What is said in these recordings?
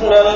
حسبنا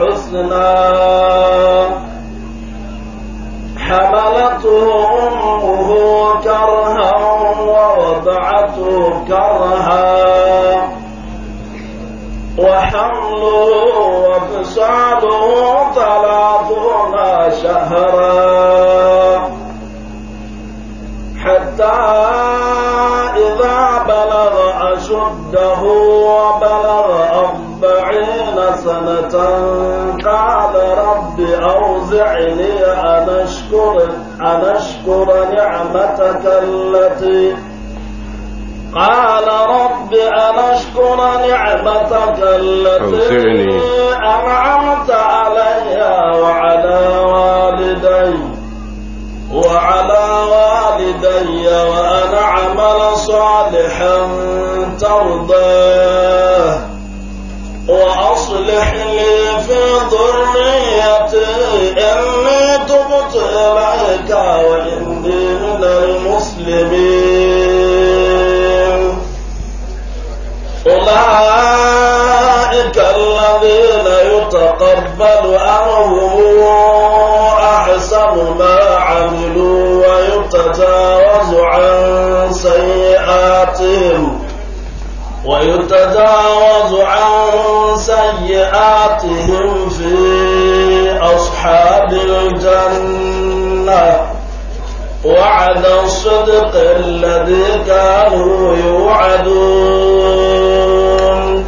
حسنا حملته أمه كرها ووضعته كرها وحمله وفصاله ثلاثون شهرا حتى إذا بلغ أشده وبلغ أربعين عشرين سنة قال رب أوزعني أن أشكر أن أشكر نعمتك التي قال رب أن أشكر نعمتك التي أنعمت علي وعلى والدي وعلى والدي وأن أعمل صالحا ترضي وأصلح لي في ذريتي إني تبت إليك وإني من المسلمين أولئك الذين يتقبل أنهم أحسن ما عملوا ويتجاوز عن سيئاتهم ويتجاوز عن سيئاتهم في أصحاب الجنة وعد الصدق الذي كانوا يوعدون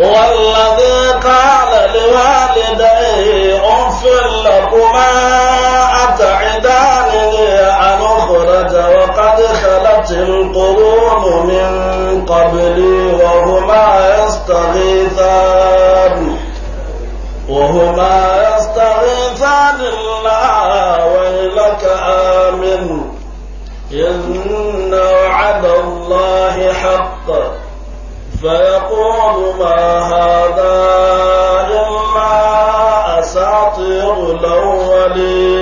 والذي قال لوالديه أف لكما أتعدانني أن أخرج خلت القرون من قبلي وهما يستغيثان وهما يستغيثان الله ويلك آمن إن وعد الله حق فيقول ما هذا إلا أساطير الأولين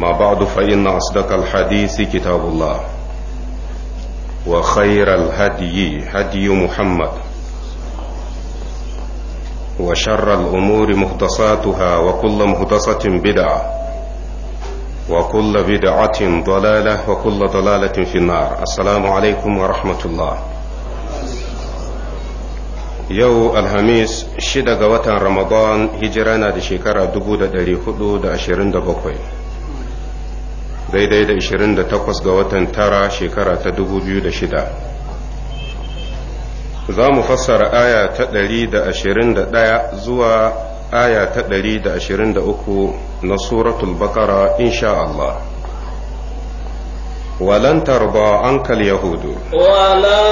أما بعد فإن أصدق الحديث كتاب الله وخير الهدي هدي محمد وشر الأمور محدثاتها وكل محدثة بدعة وكل بدعة ضلالة وكل ضلالة في النار السلام عليكم ورحمة الله yau alhamis shida ga watan ramadan hijira na da shekara 427 daidai da 28 ga watan tara shekara ta 2006 za mu fassara aya ta 121 zuwa aya ta 123 na suratul bakara insha Allah ولن ترضى عنك اليهود ولن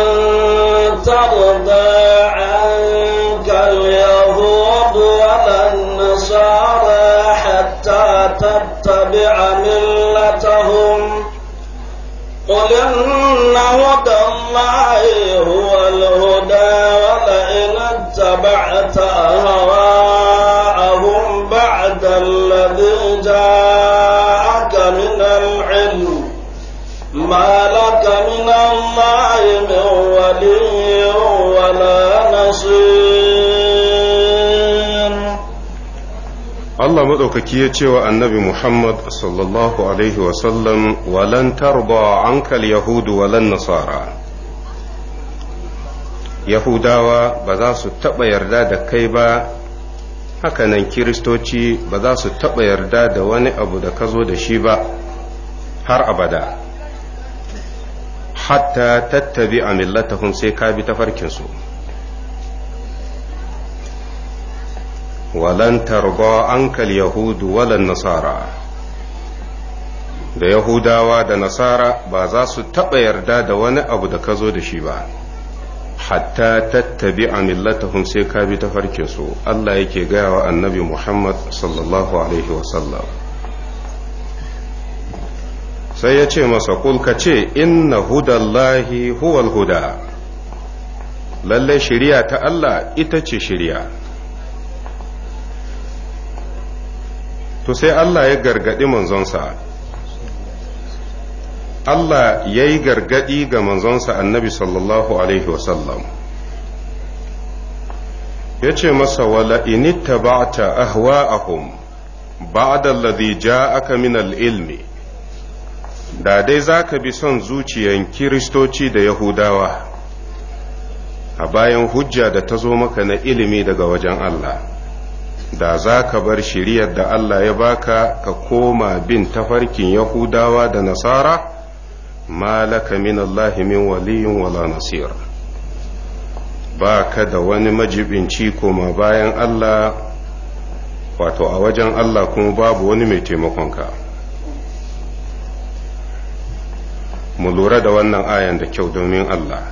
ترضى عنك اليهود ولا النصارى حتى تتبع من آلهتهم قل إن هدى الله هو الهدى ولئن اتبعت أهواءهم بعد الذي جاء Allah maɗaukaki ya ce wa annabi Muhammad sallallahu Alaihi wasallam walan tarba ankal yahudu walan nasara Yahudawa ba za su taɓa yarda da kai ba hakanan kiristoci ba za su taɓa yarda da wani abu da ka zo da shi ba har abada hatta tattabi a millatahum sai ka bi tafarkinsu walan tarba ankal yahudu walan nasara da yahudawa da nasara ba za su taɓa yarda da wani abu da ka zo da shi ba hatta tattabi a millatahum sai ka bi ta farke su Allah yake gaya wa annabi Muhammad sallallahu alaihi wasallam sai ya ce masa kulka ce inna hudallahi huwal huda Lallai shiriya ta Allah ita ce shiriya to sai Allah ya gargadi manzonsa Allah ya yi gargadi ga manzonsa annabi sallallahu alaihi wasallam ya ce masa wala inita ba'ta ahwa'ahum ba'da alladhi ja'aka aka al-ilmi da dai zaka bi son zuciyan kiristoci da yahudawa a bayan hujja da ta zo maka na ilimi daga wajen Allah da za ka bar shiriyar da Allah ya baka ka koma bin tafarkin Yahudawa da Nasara malaka min Allah min waliyin wala nasira. ba ka da wani majibinci koma bayan Allah wato a wajen Allah kuma babu wani mai taimakonka mu lura da wannan ayan da kyau domin Allah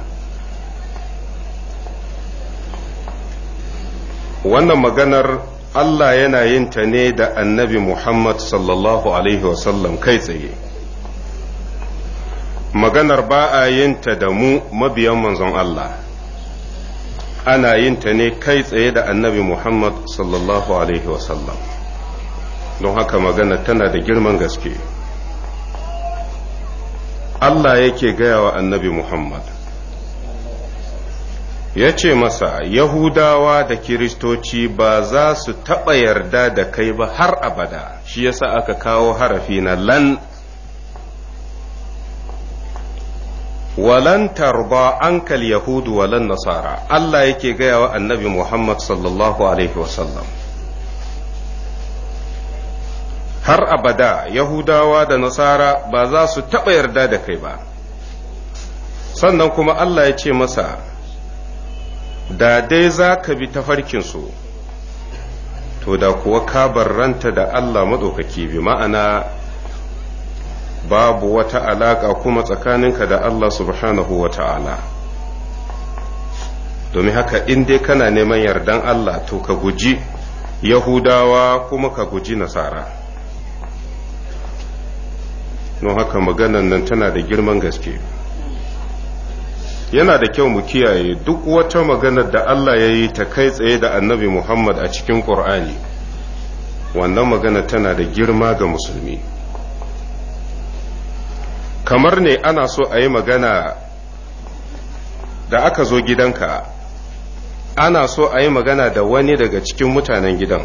wannan maganar Allah yana yin ta ne da annabi Muhammad sallallahu Alaihi wasallam kai tsaye. Maganar ba a yin ta da mu mabiyan manzon Allah, ana yin ta ne kai tsaye da annabi Muhammad sallallahu Alaihi wasallam. Don haka magana tana da girman gaske. Allah yake gaya wa annabi Muhammad. ya ce masa yahudawa da kiristoci ba za su taɓa yarda da kai ba har abada shi yasa aka kawo harafi na lan walan tarba ankal yahudu walan nasara Allah yake gaya wa annabi Muhammad sallallahu alaihi wasallam har abada yahudawa da nasara ba za su taɓa yarda da kai ba sannan kuma Allah ya ce masa da dai za ka bi ta farkinsu, to da kuwa ka barranta da Allah maɗaukaki bi ma'ana babu wata alaƙa kuma tsakaninka da Allah subhanahu wa ta'ala domin haka in dai kana neman yardan Allah to ka guji Yahudawa kuma ka guji Nasara don haka maganan nan tana da girman gaske. yana da kyau mu kiyaye duk wata maganar da Allah ya yi ta kai tsaye da annabi Muhammad a cikin Ƙur'ani wannan magana tana da girma ga musulmi kamar ne ana so a yi magana da aka zo gidanka ana so a yi magana da wani daga cikin mutanen gidan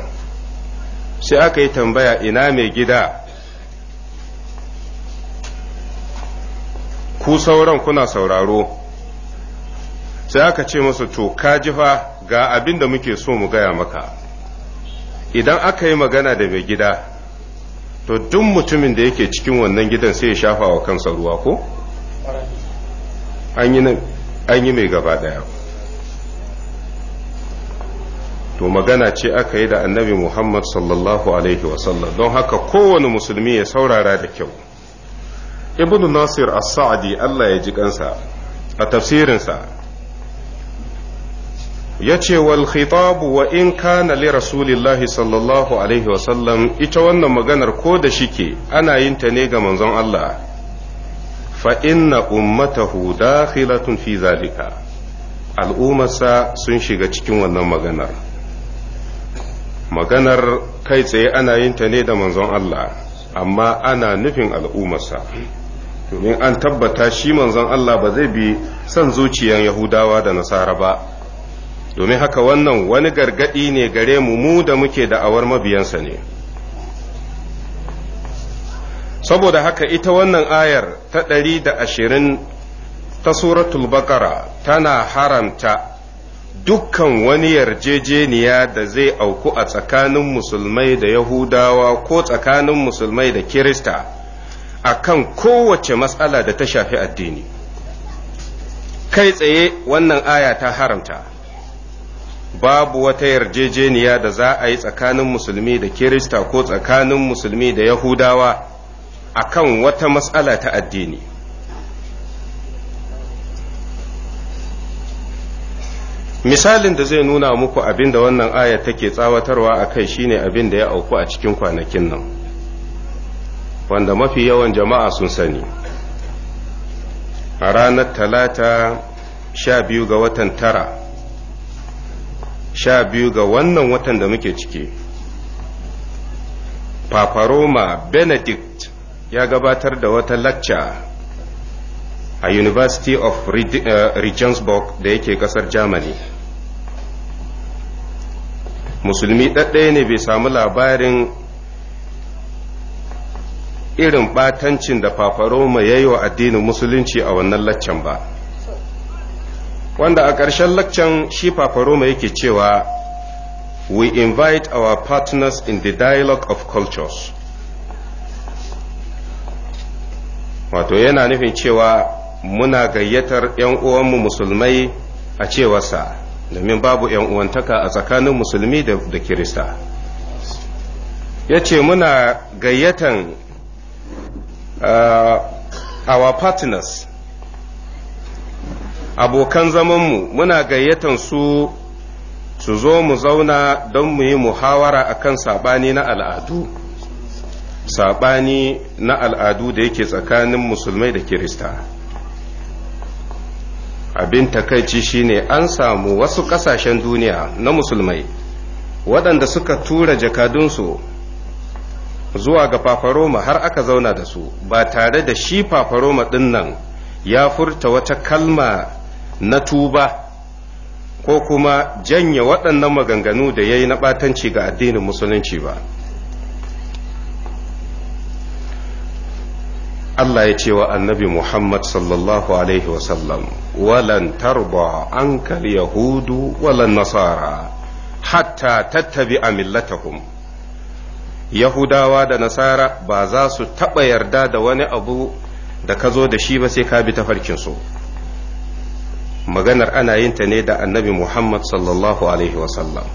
sai aka yi tambaya ina mai gida ku sauran kuna sauraro sai aka ce masa to ka jifa ga abin da muke so mu gaya maka idan aka yi magana da mai gida to duk mutumin da yake cikin wannan gidan sai ya shafa wa kansa ruwa ko an yi mai gaba daya to magana ce aka yi da annabi muhammad sallallahu alaihi wasallam don haka kowane musulmi ya saurara da kyau ibnu nasir as-sa'di allah ya ji kansa a tafsirinsa ya ce wal khitabu wa in kana li rasulillahi sallallahu alaihi wasallam ita wannan maganar ko da shike ana yin ta ne ga manzon Allah fa inna ummatahu dakhilatun fi zalika al'ummarsa sun shiga cikin wannan maganar maganar kai tsaye ana yin ta ne da manzon Allah amma ana nufin al'ummarsa domin an tabbata shi manzon Allah ba zai bi son zuciyan Yahudawa da Nasara ba domin haka wannan wani gargadi ne gare mu mu da muke da'awar mabiyansa ne saboda haka ita wannan ayar ta ɗari da ashirin ta suratul bakara tana haramta dukkan wani yarjejeniya da zai auku a tsakanin musulmai da yahudawa ko tsakanin musulmai da kirista a kan kowace matsala da ta shafi addini kai tsaye wannan aya ta haramta babu wata yarjejeniya da za a yi tsakanin musulmi da kirista ko tsakanin musulmi da yahudawa a kan wata matsala ta addini misalin da zai nuna muku abin da wannan aya take tsawatarwa a kai shine abin da ya auku a cikin kwanakin nan wanda mafi yawan jama'a sun sani a ranar talata sha biyu ga watan tara sha biyu ga wannan watan da muke ciki paparoma benedict ya gabatar da wata lacca a university of eh, regensburg da yake kasar germany musulmi ɗaɗɗaya ne bai samu labarin irin ɓatancin da paparoma ya yi wa addinin musulunci a wannan laccan ba wanda a ƙarshen laccan shi fafaroma yake cewa we invite our partners in the dialogue of cultures wato yana nufin cewa muna gayyatar 'yan uwanmu musulmai a cewarsa domin babu 'yan uwantaka a tsakanin musulmi da kirista ya ce muna gayyatan uh, our partners abokan zamanmu muna gayyatan su su zo mu zauna don mu yi muhawara a kan saɓani na al'adu saɓani na al'adu da yake tsakanin musulmai da kirista abin takaici shine an samu wasu ƙasashen duniya na musulmai waɗanda suka tura jakadunsu zuwa ga fafaroma har aka zauna da su ba tare da shi fafaroma ɗin nan ya furta wata kalma na tuba ko kuma janye waɗannan maganganu da ya yi na ɓatanci ga addinin musulunci ba Allah ya ce wa annabi Muhammad sallallahu Alaihi wasallam walan tarba kar yahudu walan nasara hatta tattabi a millatahum Yahudawa da Nasara ba za su taɓa yarda da wani abu da ka zo da shi ba sai ka bi tafarkinsu. farkinsu maganar ana yin ta ne da annabi Muhammad sallallahu Alaihi wasallam.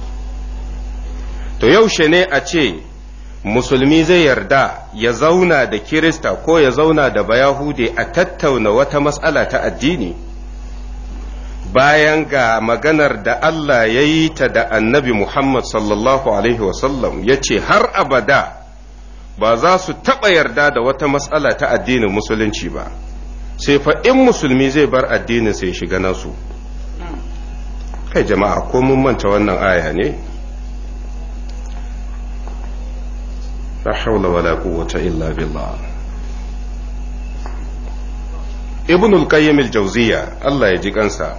To yaushe ne a ce musulmi zai yarda ya zauna da Kirista ko ya zauna da Bayahude a tattauna wata matsala ta addini? Bayan ga maganar da Allah ya yi ta da annabi Muhammad sallallahu Alaihi wasallam ya ce har abada ba za su taɓa yarda da wata matsala ta addinin musulunci ba. sai fa in musulmi zai bar addinin sai shiga nasu kai jama'a ko mun manta wannan aya ne la haula wala quwwata illa billah ibn al-qayyim al-jawziya Allah ya ji kansa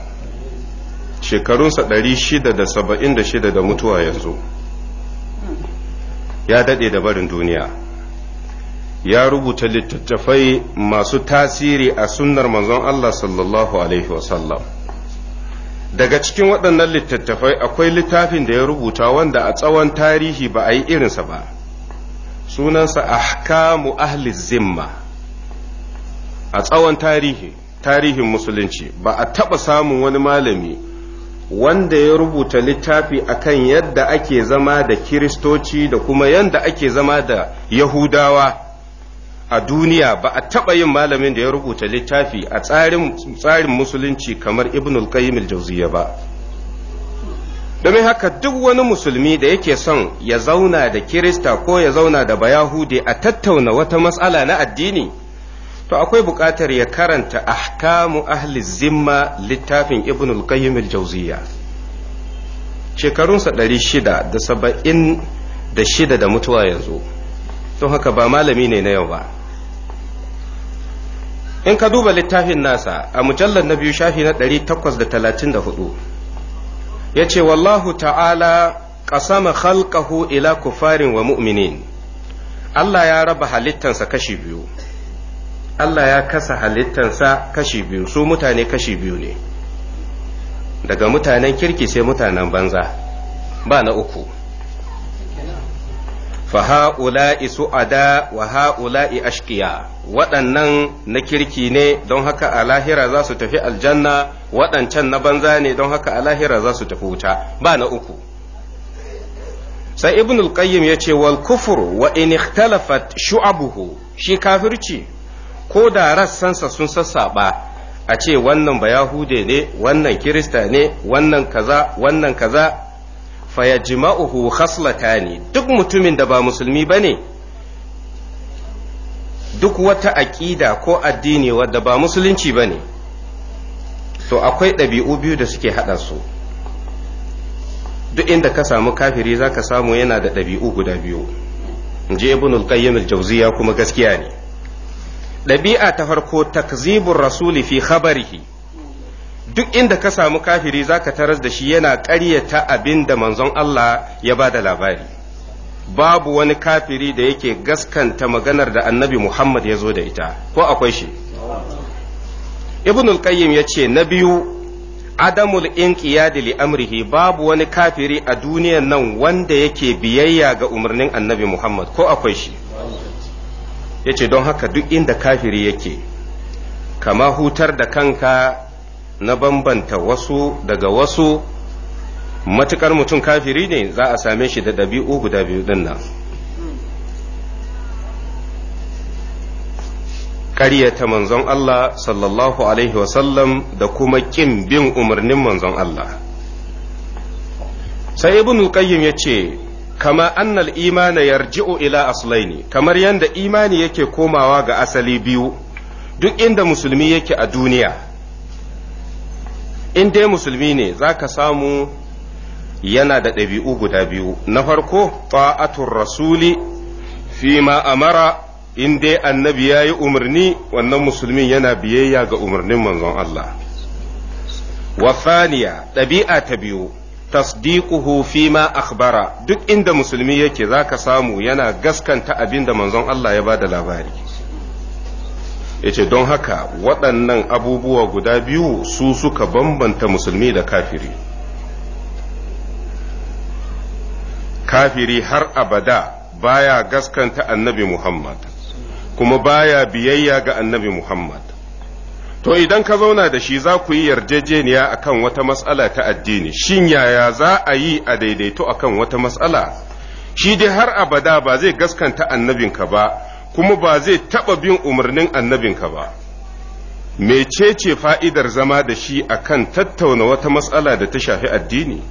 shekarunsa 676 da mutuwa yanzu ya dade da barin duniya ya rubuta littattafai masu tasiri a sunnar manzon Allah sallallahu alaihi wasallam daga cikin waɗannan littattafai akwai littafin da ya rubuta wanda a tsawon tarihi ba a yi irinsa ba sunansa ahkamu ahli zimma a tsawon tarihi tarihin musulunci ba a taɓa samun wani malami wanda ya rubuta littafi akan yadda ake zama da kiristoci da kuma yadda ake zama da yahudawa a duniya ba a taɓa yin malamin da ya rubuta littafi a tsarin musulunci kamar ibnul qayyim al-jawziyya ba domin haka duk wani musulmi da yake son ya zauna da kirista ko ya zauna da bayahudi a tattauna wata matsala na addini to akwai buƙatar ya karanta ahkamu ahli zimma littafin ibnul qayyim al-jawziyya shekarunsa ɗari shida da da shida da mutuwa yanzu don haka ba malami ne na yau ba in ka duba littafin nasa a mujallar na biyu shafi na 834 ya ce wallahu ta'ala ƙasama khalqahu ila kufarin wa mu'minin Allah ya raba halittansa kashi biyu Allah ya kasa halittansa kashi biyu su mutane kashi biyu ne daga mutanen kirki sai mutanen banza ba na uku fa su'ada wa ha'ula'i ashqiya waɗannan na kirki ne don haka a lahira za su tafi aljanna waɗancan na banza ne don haka a lahira za su tafi wuta ba na uku sai ibn al-qayyim ya ce wal kufru wa in ikhtalafat shu'abuhu shi kafirci ko da rassansa sun sassaba a ce wannan Bayahude ne wannan kirista ne wannan kaza wannan kaza fayajma'uhu khaslatani duk mutumin da ba musulmi bane duk wata aƙida ko addini wadda ba musulunci bane to akwai ɗabi'u biyu da suke haɗa su duk inda ka samu kafiri zaka samu yana da ɗabi'u guda biyu je ibnul qayyim al-jawziya kuma gaskiya ne ɗabi'a ta farko takzibur rasuli fi khabarihi duk inda ka samu kafiri za ka taras da shi yana ƙaryata abin da manzon Allah ya ba da labari babu wani kafiri da yake gaskanta maganar da annabi Muhammad ya zo da ita ko akwai shi ibnul qayyim ya ce na biyu adamul inqiyadi li amrihi babu wani kafiri a duniyan nan wanda yake biyayya ga umarnin annabi Muhammad ko akwai shi yace don haka duk inda kafiri yake kama hutar da kanka na bambanta wasu daga wasu matukar mutum kafiri ne za a same shi da ɗabi'u guda biyu ɗin nan ƙaryata manzon Allah sallallahu alaihi wasallam da kuma ƙin bin umarnin manzon Allah sai ibn qayyim ya ce kama annal imana yarji'u ila aslaini kamar yadda imani yake komawa ga asali biyu duk inda musulmi yake a duniya in dai musulmi ne za ka samu yana da ɗabi'u guda biyu na farko fa'atun rasuli fi ma amara in dai annabi ya yi umarni wannan musulmin yana biyayya ga umarnin manzon Allah wa ɗabi'a ta biyu tasdiquhu fi ma akhbara duk inda musulmi yake zaka samu yana gaskanta abin da manzon Allah ya ba da labari ce don haka waɗannan abubuwa guda biyu su suka bambanta musulmi da kafiri kafiri har abada baya gaskanta annabi Muhammad kuma baya biyayya ga annabi Muhammad to idan ka zauna da shi za ku yi yarjejeniya akan wata matsala ta addini shin yaya za a yi a daidaito akan wata matsala shi dai har abada ba zai gaskanta annabinka ba kuma ba zai taɓa bin umarnin annabinka ba ce fa'idar zama da shi akan tattauna wata matsala da ta shafi addini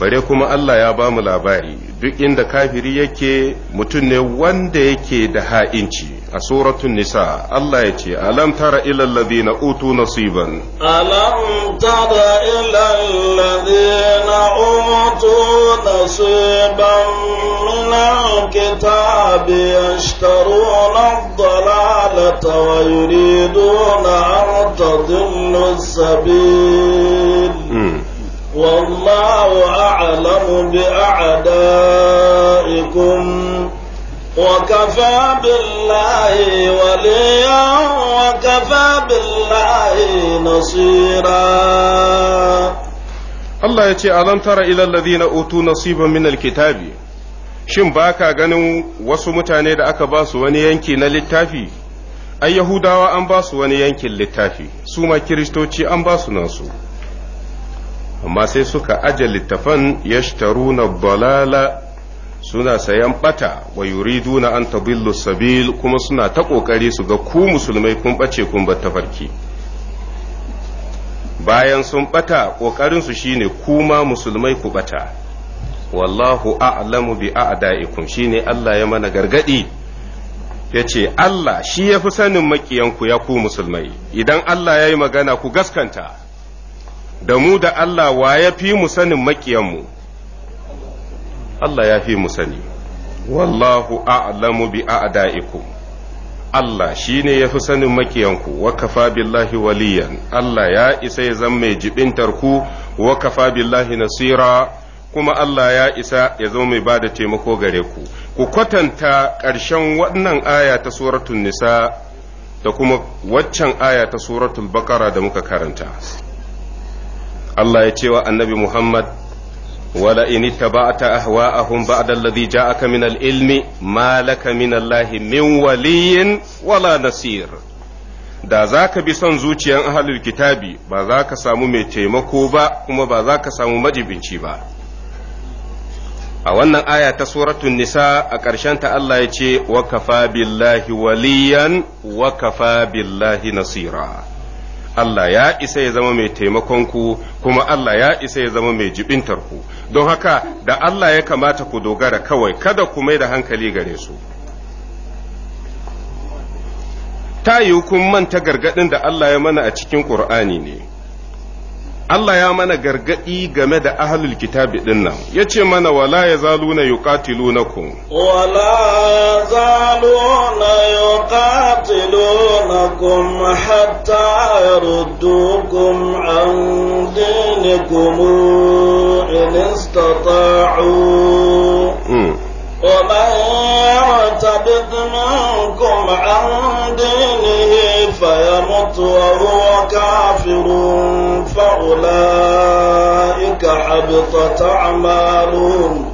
bare kuma Allah ya ba mu labari duk inda kafiri yake mutum ne wanda yake da ha'inci a suratun nisa Allah ya ce alam tara ilal ladina utu nasiban alam tara ilal ladina utu nasiban min alkitabi yashtaruna ad-dalalata wa yuriduna an tadillu as-sabil hmm. والله أعلم بأعدائكم وكفى بالله وليا وكفى بالله نصيرا Allah ya ce zan tara ilal ladina utu nasiban min alkitabi shin baka ganin wasu mutane da aka ba su wani yanki na littafi ai yahudawa an ba su wani yankin littafi su ma kiristoci an ba su nasu amma sai suka aje littafan yashtaruna balala suna sayan bata wa yuriduna an tabillu sabil kuma suna ta kokari su ga ku musulmai kun bace kun bar tafarki bayan sun bata kokarin su shine kuma musulmai ku bata wallahu a'lamu bi a'da'ikum shine Allah ya mana gargadi yace Allah shi yafi sanin makiyanku ya ku musulmai idan Allah ya yi magana ku gaskanta da mu da Allah wa ya fi mu sanin makiyanmu Allah ya fi mu sani wallahu a'lamu bi a'da'ikum Allah shine ya fi sanin makiyanku wa kafa billahi waliyan Allah ya isa ya zama mai jibintar ku wa kafa billahi nasira kuma Allah ya isa ya zama mai bada taimako gare ku ku kwatanta ƙarshen wannan aya ta suratul nisa da kuma waccan aya ta suratul bakara da muka karanta Allah ya ce wa annabi Muhammad wala in a ahwa'ahum ba'da alladhi ja'aka min al-ilmi ma laka min Allahi min wala nasir da za ka bi son zuciyan ahalul kitabi ba za ka samu mai taimako ba kuma ba za ka samu majibinci ba a wannan aya ta suratun nisa a ƙarshen ta Allah ya ce wa kafa billahi waliyan wa kafa billahi nasira Allah ya isa ya zama mai taimakon ku kuma Allah ya isa ya zama mai jibintar ku don haka da Allah ya kamata ku dogara kawai kada ku mai da hankali gare su ta yi kun manta gargadin da Allah ya mana a cikin Qur'ani ne Allah ya mana gargaɗi game da ahlul kitabi ɗin nan ya ce mana wala ya zalu na yi ƙatilu na ku. Wala ya zalu na yi ƙatilu na kum hatta yaruddukum an dinikum in istata'u. ومن يعتبد منكم عن دينه فيمت وهو كافر فأولئك حبطت أعمالهم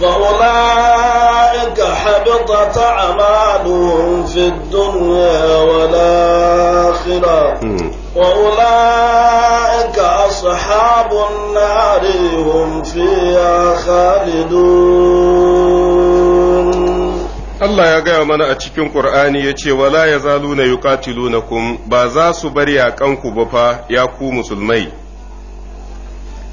فأولئك حبطت أعمالهم في الدنيا والآخرة وأولئك أصحاب النار هم فيها خالدون Allah ya gaya mana a cikin Ƙur'ani ya ce, Wala ya zalu na yuqatilunakum ba za su bar yaƙanku ba fa ya ku musulmai,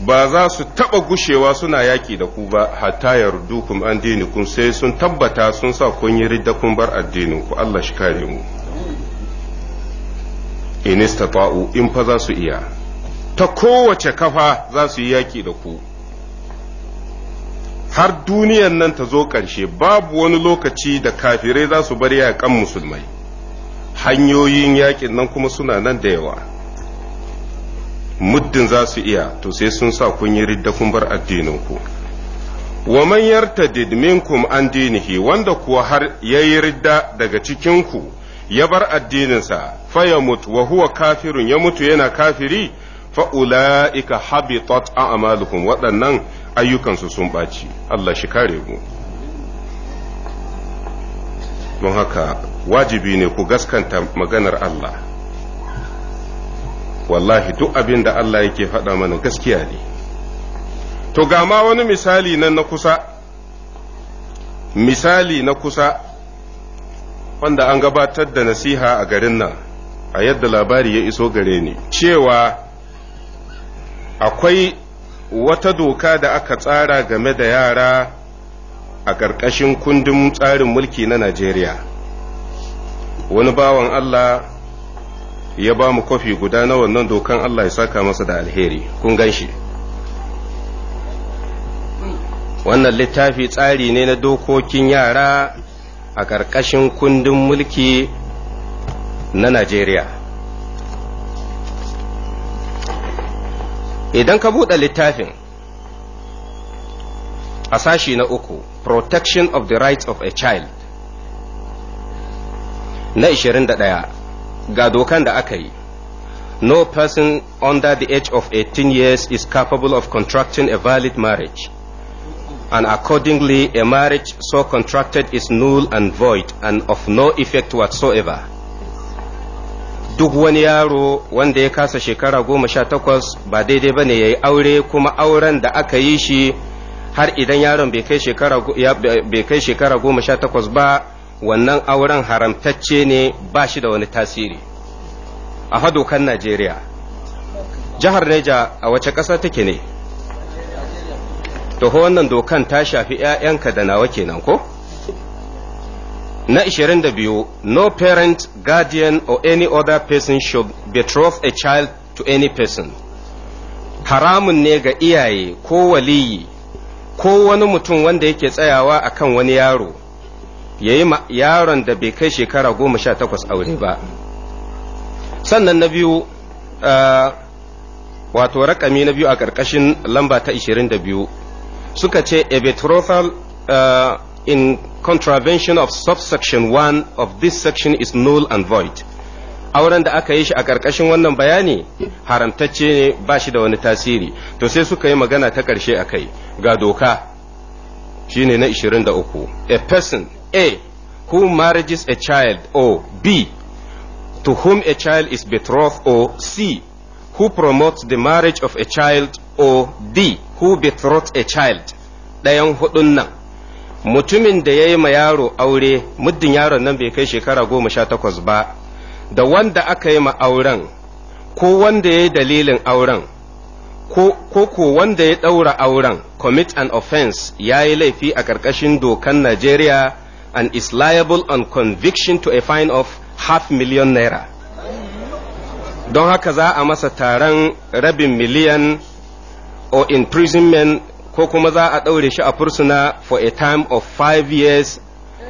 ba za su taɓa gushewa suna yaƙi da ku ba, hatta yardukum an dinikum sai sun tabbata sun sa kun yi ridda kun bar addininku, Allah shi kare mu. In in fa za su iya, ta kowace kafa za su yi yaƙi da ku. har duniyan nan ta zo ƙarshe babu wani lokaci da kafirai za su bari yaƙan musulmai hanyoyin yaƙin nan kuma suna nan da yawa muddin za su iya to sai sun sa kun yi ridda kun bar addininku wa man yartadid minkum an dinihi wanda kuwa har yayi ridda daga cikinku ya bar addininsa fa ya mutu wa huwa kafirun ya mutu yana kafiri fa ulaika habitat a'maluhum waɗannan ayyukansu sun ɓaci Allah shi kare mu don haka wajibi ne ku gaskanta maganar Allah wallahi duk abin da Allah yake faɗa mana gaskiya ne to ga ma wani misali nan na kusa misali na kusa wanda an gabatar da nasiha a garin nan a yadda labari ya iso gare ni cewa akwai wata doka da aka tsara game da yara a ƙarƙashin kundin tsarin mulki na Najeriya. Wani bawan Allah ya ba mu kwafi guda na wannan dokan Allah ya saka masa da alheri, kun gan shi. Wannan littafi tsari ne na dokokin yara a ƙarƙashin kundin mulki na Najeriya. idan ka buɗe littafin a sashi na uku protection of the rights of a child na 21 ga dokan da aka yi no person under the age of 18 years is capable of contracting a valid marriage and accordingly a marriage so contracted is null and void and of no effect whatsoever duk wani yaro wanda ya kasa shekara goma sha takwas ba daidai ba ne ya yi aure kuma auren da aka yi shi har idan yaron bai kai shekara goma sha takwas ba wannan auren haramtacce ne ba shi da wani tasiri a hadokan najeriya jihar neja a wace ƙasa take ne toho wannan dokan ta shafi 'ya'yanka da nawa kenan ko Na 22, no parent, guardian, or any other person should betroth a child to any person. Haramun ne ga iyaye ko waliyi ko wani mutum wanda yake tsayawa akan wani yaro, ya yi yaron da bai kai shekara goma sha takwas aure ba. Sannan na biyu, wato rakami na biyu a ƙarƙashin lamba ta 22, suka ce a betrothal in contravention of subsection 1 of this section is null and void auren da aka yi shi a ƙarƙashin wannan bayani haramtacce ne ba shi da wani tasiri to sai suka yi magana ta ƙarshe a kai ga doka shine na 23 a person a who marries a child or b to whom a child is betrothed or c who promotes the marriage of a child or d who betrothed a child ɗayan hudun nan mutumin da ya yi ma yaro aure muddin yaron nan bai kai shekara goma sha takwas ba da wanda aka yi ma auren ko wanda ya yi dalilin auren ko ko wanda ya ɗaura auren commit an offense ya yi laifi a ƙarƙashin dokan Najeriya and is liable on conviction to a fine of half million naira. Don haka za a masa taron rabin miliyan or imprisonment ko kuma za a ɗaure shi a fursuna for a time of five years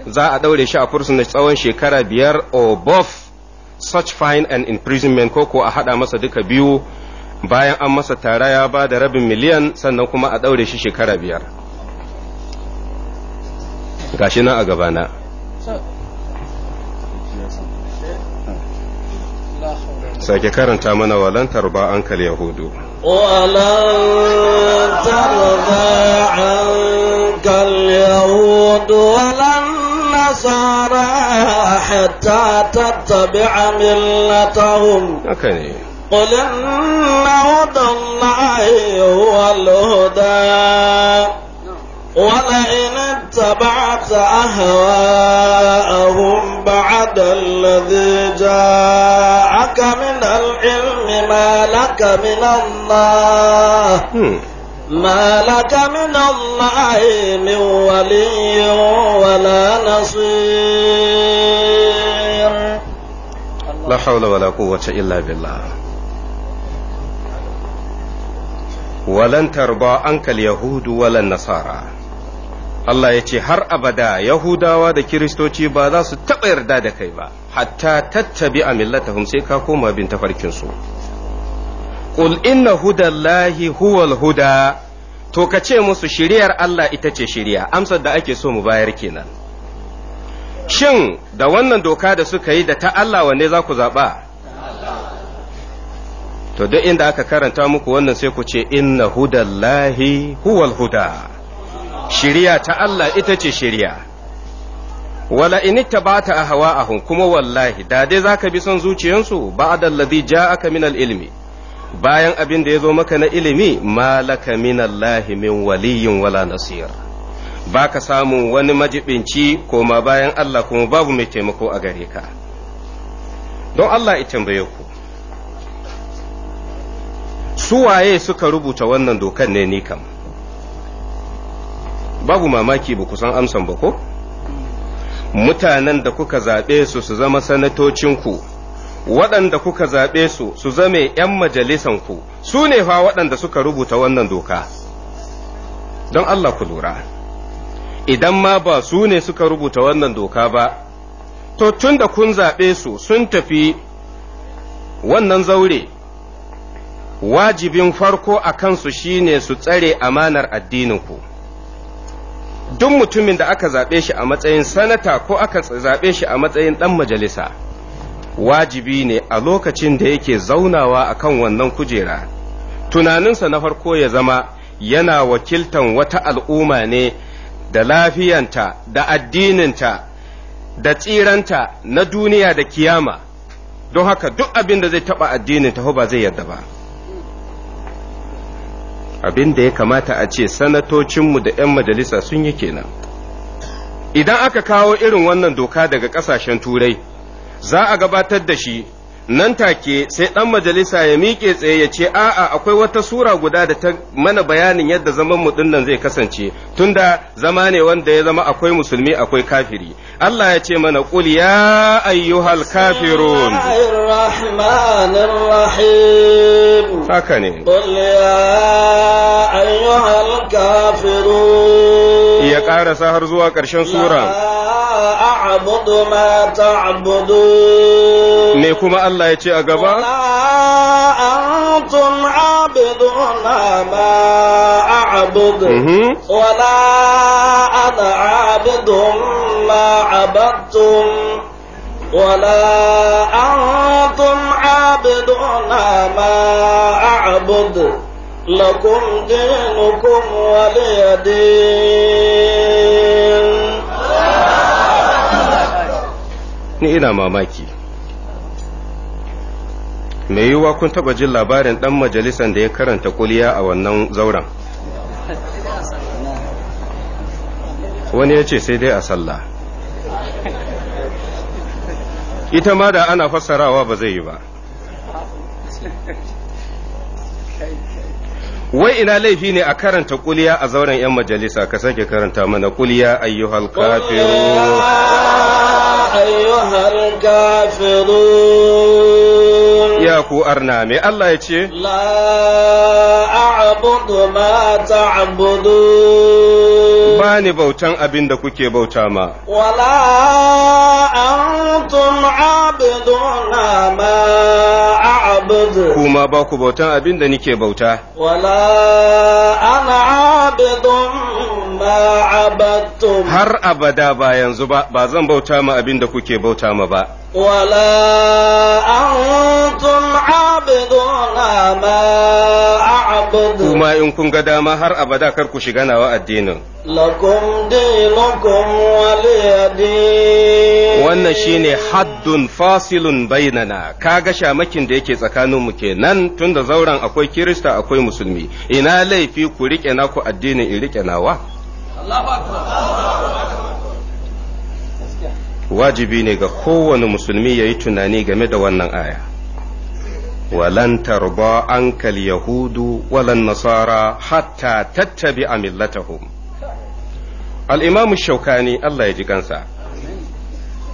za a ɗaure shi a fursuna tsawon shekara biyar or both such fine and imprisonment ko ko a haɗa masa duka biyu bayan an masa tara ya ba da rabin miliyan sannan kuma a ɗaure shi shekara biyar gashi nan a gabana sake karanta mana walantar ba an yahudu ولن ترضى عنك اليهود ولا النصارى حتى تتبع ملتهم قل إن هدى الله هو الهدى ولئن اتبعت أهواءهم بعد الذي جاءك من العلم ما لك من الله ما لك من الله من ولي ولا نصير لا حول ولا قوة إلا بالله ولن ترضى عنك اليهود ولا النصارى Allah ya ce har abada Yahudawa da Kiristoci ba za su taɓa yarda da kai ba, hatta tattabi a millatahum sai ka koma bin tafarkinsu. Ƙul inna lahi huwal huda to ka ce musu shiriyar Allah ita ce shirya amsar da ake so mu bayar kenan. Shin da wannan doka da suka yi da ta Allah wanne za ku zaɓa? To duk inda aka karanta muku wannan sai ku ce inna lahi huwal huda. shiriya ta Allah ita ce shiriya wala inita ba ta a hawa ahun kuma wallahi da dai za ka bi son zuciyansu ba a ja aka min ilimi bayan abin da ya zo maka na ilimi malaka min min waliyin wala nasir ba ka samu wani majibinci koma bayan Allah kuma babu mai taimako a gare ka don Allah ya tambaye ku su waye suka rubuta wannan dokan ne ni kam babu mamaki ba kusan amsan ba ko mutanen da kuka zaɓe su su zama ku waɗanda kuka zaɓe su su zame 'yan majalisanku su ne fa waɗanda suka rubuta wannan doka don Allah ku lura idan ma ba su ne suka rubuta wannan doka ba to tun da kun zaɓe su sun tafi wannan zaure wajibin farko a kansu shine su tsare amanar addininku duk mutumin da aka zaɓe shi a matsayin sanata ko aka zaɓe shi a matsayin ɗan majalisa wajibi ne a lokacin da yake zaunawa a kan wannan kujera tunaninsa na farko ya zama yana wakiltan wata al'umma ne da lafiyanta da addininta da tsiranta na duniya da kiyama don haka duk abin da zai taɓa addinin ta ba zai yarda ba. abin da ya kamata a ce sanatocinmu da 'yan majalisa sun yi kenan idan aka kawo irin wannan doka daga ƙasashen turai za a gabatar da shi nan take sai ɗan majalisa ya miƙe tsaye ya ce a'a akwai wata sura guda da ta mana bayanin yadda zaman mu nan zai kasance tunda zama ne wanda ya zama akwai musulmi akwai kafiri Allah ya ce mana qul ya ayyuhal kafirun rahim. haka ne qul ya ayyuhal kafirun ya ƙarasa har zuwa ƙarshen sura. A'budu ma ta'budu. Me kuma Allah ya ce a gaba? Antum abidun ma a'budu. Wala an abidun ma abattum. لكم دينكم ولي دين ni ina mamaki mai yiwuwa kun taba jin labarin dan majalisan da ya karanta kuliya a wannan zauren wani ya ce sai dai a sallah ita ma da ana fassarawa ba zai yi ba wai ina laifi ne a karanta kuliya a zauren 'yan majalisa ka sake karanta mana kuliya ayyuhal kafiru ayyuhal kafiru ya ku arna me Allah ya ce la a'budu ma ta'budu ba ni bautan abin da kuke bauta ma wala antum abiduna ma kuma ba ku bautan abin da nike bauta wala ana abidun abadtum har abada ba yanzu ba ba zan bauta ma abin da kuke bauta ma ba wala antum abiduna ma a'budu kuma in kun ga dama har abada kar ku shiga nawa addinin lakum dinukum waliyadin wannan shine haddun fasilun bainana ka ga shamakin da yake tsakanin mu kenan tunda zauren akwai kirista akwai musulmi ina laifi ku rike naku addinin in rike nawa wajibi ne ga kowane musulmi ya yi tunani game da wannan aya walan tarba ankal yahudu walan nasara hatta tattabi a millatahum al'imamu shaukani Allah ya ji kansa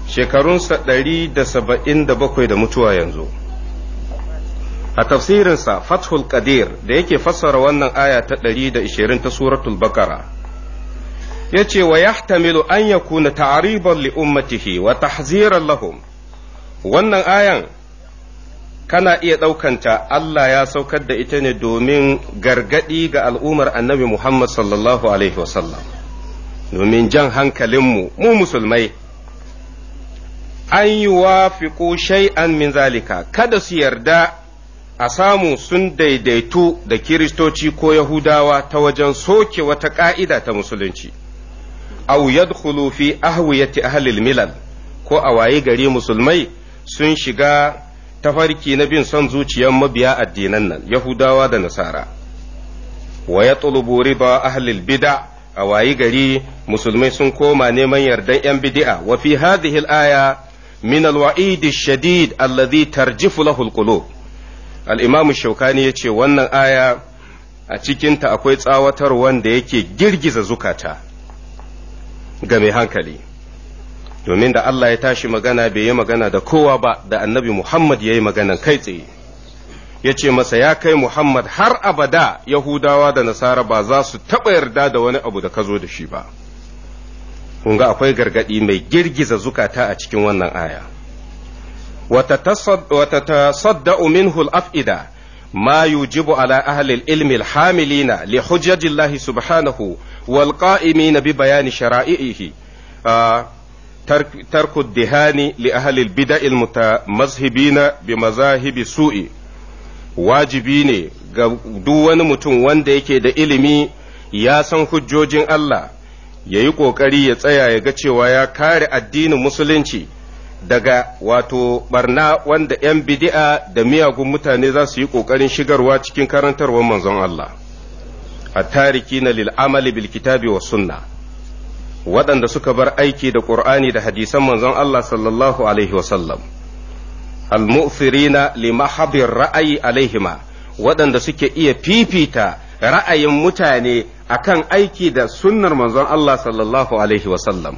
shekarunsa ɗari da saba'in da bakwai da mutuwa yanzu a tafsirinsa fathul qadir da yake fassara wannan aya ta ɗari da ishirin ta suratul bakara Ya ce wa yahtamilu an yakuna ta'riban li ummatihi wa tahziran lahum wannan ayan kana iya ɗaukanta Allah ya saukar da ita ne domin gargaɗi ga al'ummar annabi Muhammad sallallahu Alaihi wasallam, domin jan hankalinmu mu musulmai, an yi wa shay'an min zalika, kada su yarda a samu sun daidaitu da Kiristoci ko Yahudawa ta wajen soke wata ƙa'ida ta musulunci. aw yadkhulu fi ahwiyati ahlil milal ko a waye gari musulmai sun shiga tafarki na bin son zuciyar mabiya addinan nan yahudawa da nasara wa yatlubu rida ahlil bid'a a waye gari musulmai sun koma neman yardan yan bid'a wa fi hadhihi al-aya min al-wa'id ash-shadid alladhi tarjifu lahu al-qulub al-imam shaukani yace wannan aya a cikinta akwai tsawatar wanda yake girgiza zukata ga mai hankali domin da Allah ya tashi magana bai yi magana da kowa ba da annabi Muhammad ya yi maganan kai tsaye ya ce masa ya kai Muhammad har abada Yahudawa da Nasara ba za su taɓa yarda da wani abu da ka zo da shi ba. Kunga akwai gargaɗi mai girgiza zukata a cikin wannan aya. Wata tasadda'u minhu al-af'ida ma yujibu ala ahli al-ilmi al-hamilina li hujjajillahi subhanahu wal na bi bayani shara'ihi tarku dihani li ahli al bid'il mutamazhibina bi mazahibi su'i wajibi ne ga duk wani mutum wanda yake da ilimi ya san hujjojin Allah ya yi ƙoƙari ya tsaya ya ga cewa ya kare addinin musulunci daga wato barna wanda 'yan bidi'a da miyagun mutane za su yi ƙoƙarin shigarwa cikin karantarwar manzon Allah. at-tarikina lil amali bil kitabi was sunna waɗanda suka bar aiki da ƙur'ani da hadisan manzon Allah sallallahu alaihi wasallam al-mu'thirina li ra'ayi alaihima waɗanda suke iya fifita ra'ayin mutane akan aiki da sunnar manzon Allah sallallahu alaihi sallam.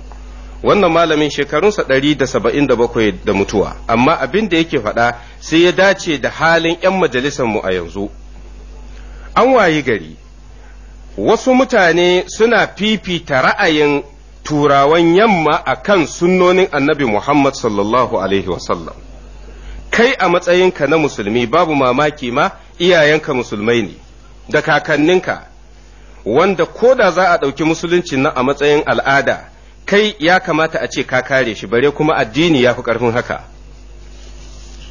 wannan malamin shekarunsa ɗari da saba'in da bakwai da mutuwa amma abin da yake faɗa sai ya dace da halin 'yan majalisar mu a yanzu an wayi gari wasu mutane suna fifita ra'ayin turawan yamma a kan sunnonin annabi Muhammad sallallahu Alaihi wasallam. Kai a matsayinka na musulmi babu mamaki ma iyayenka musulmai ne, da kakanninka, wanda ko da za a ɗauki musulunci na a matsayin al'ada, kai ya kamata a ce ka kare shi bare kuma addini ya fi ƙarfin haka.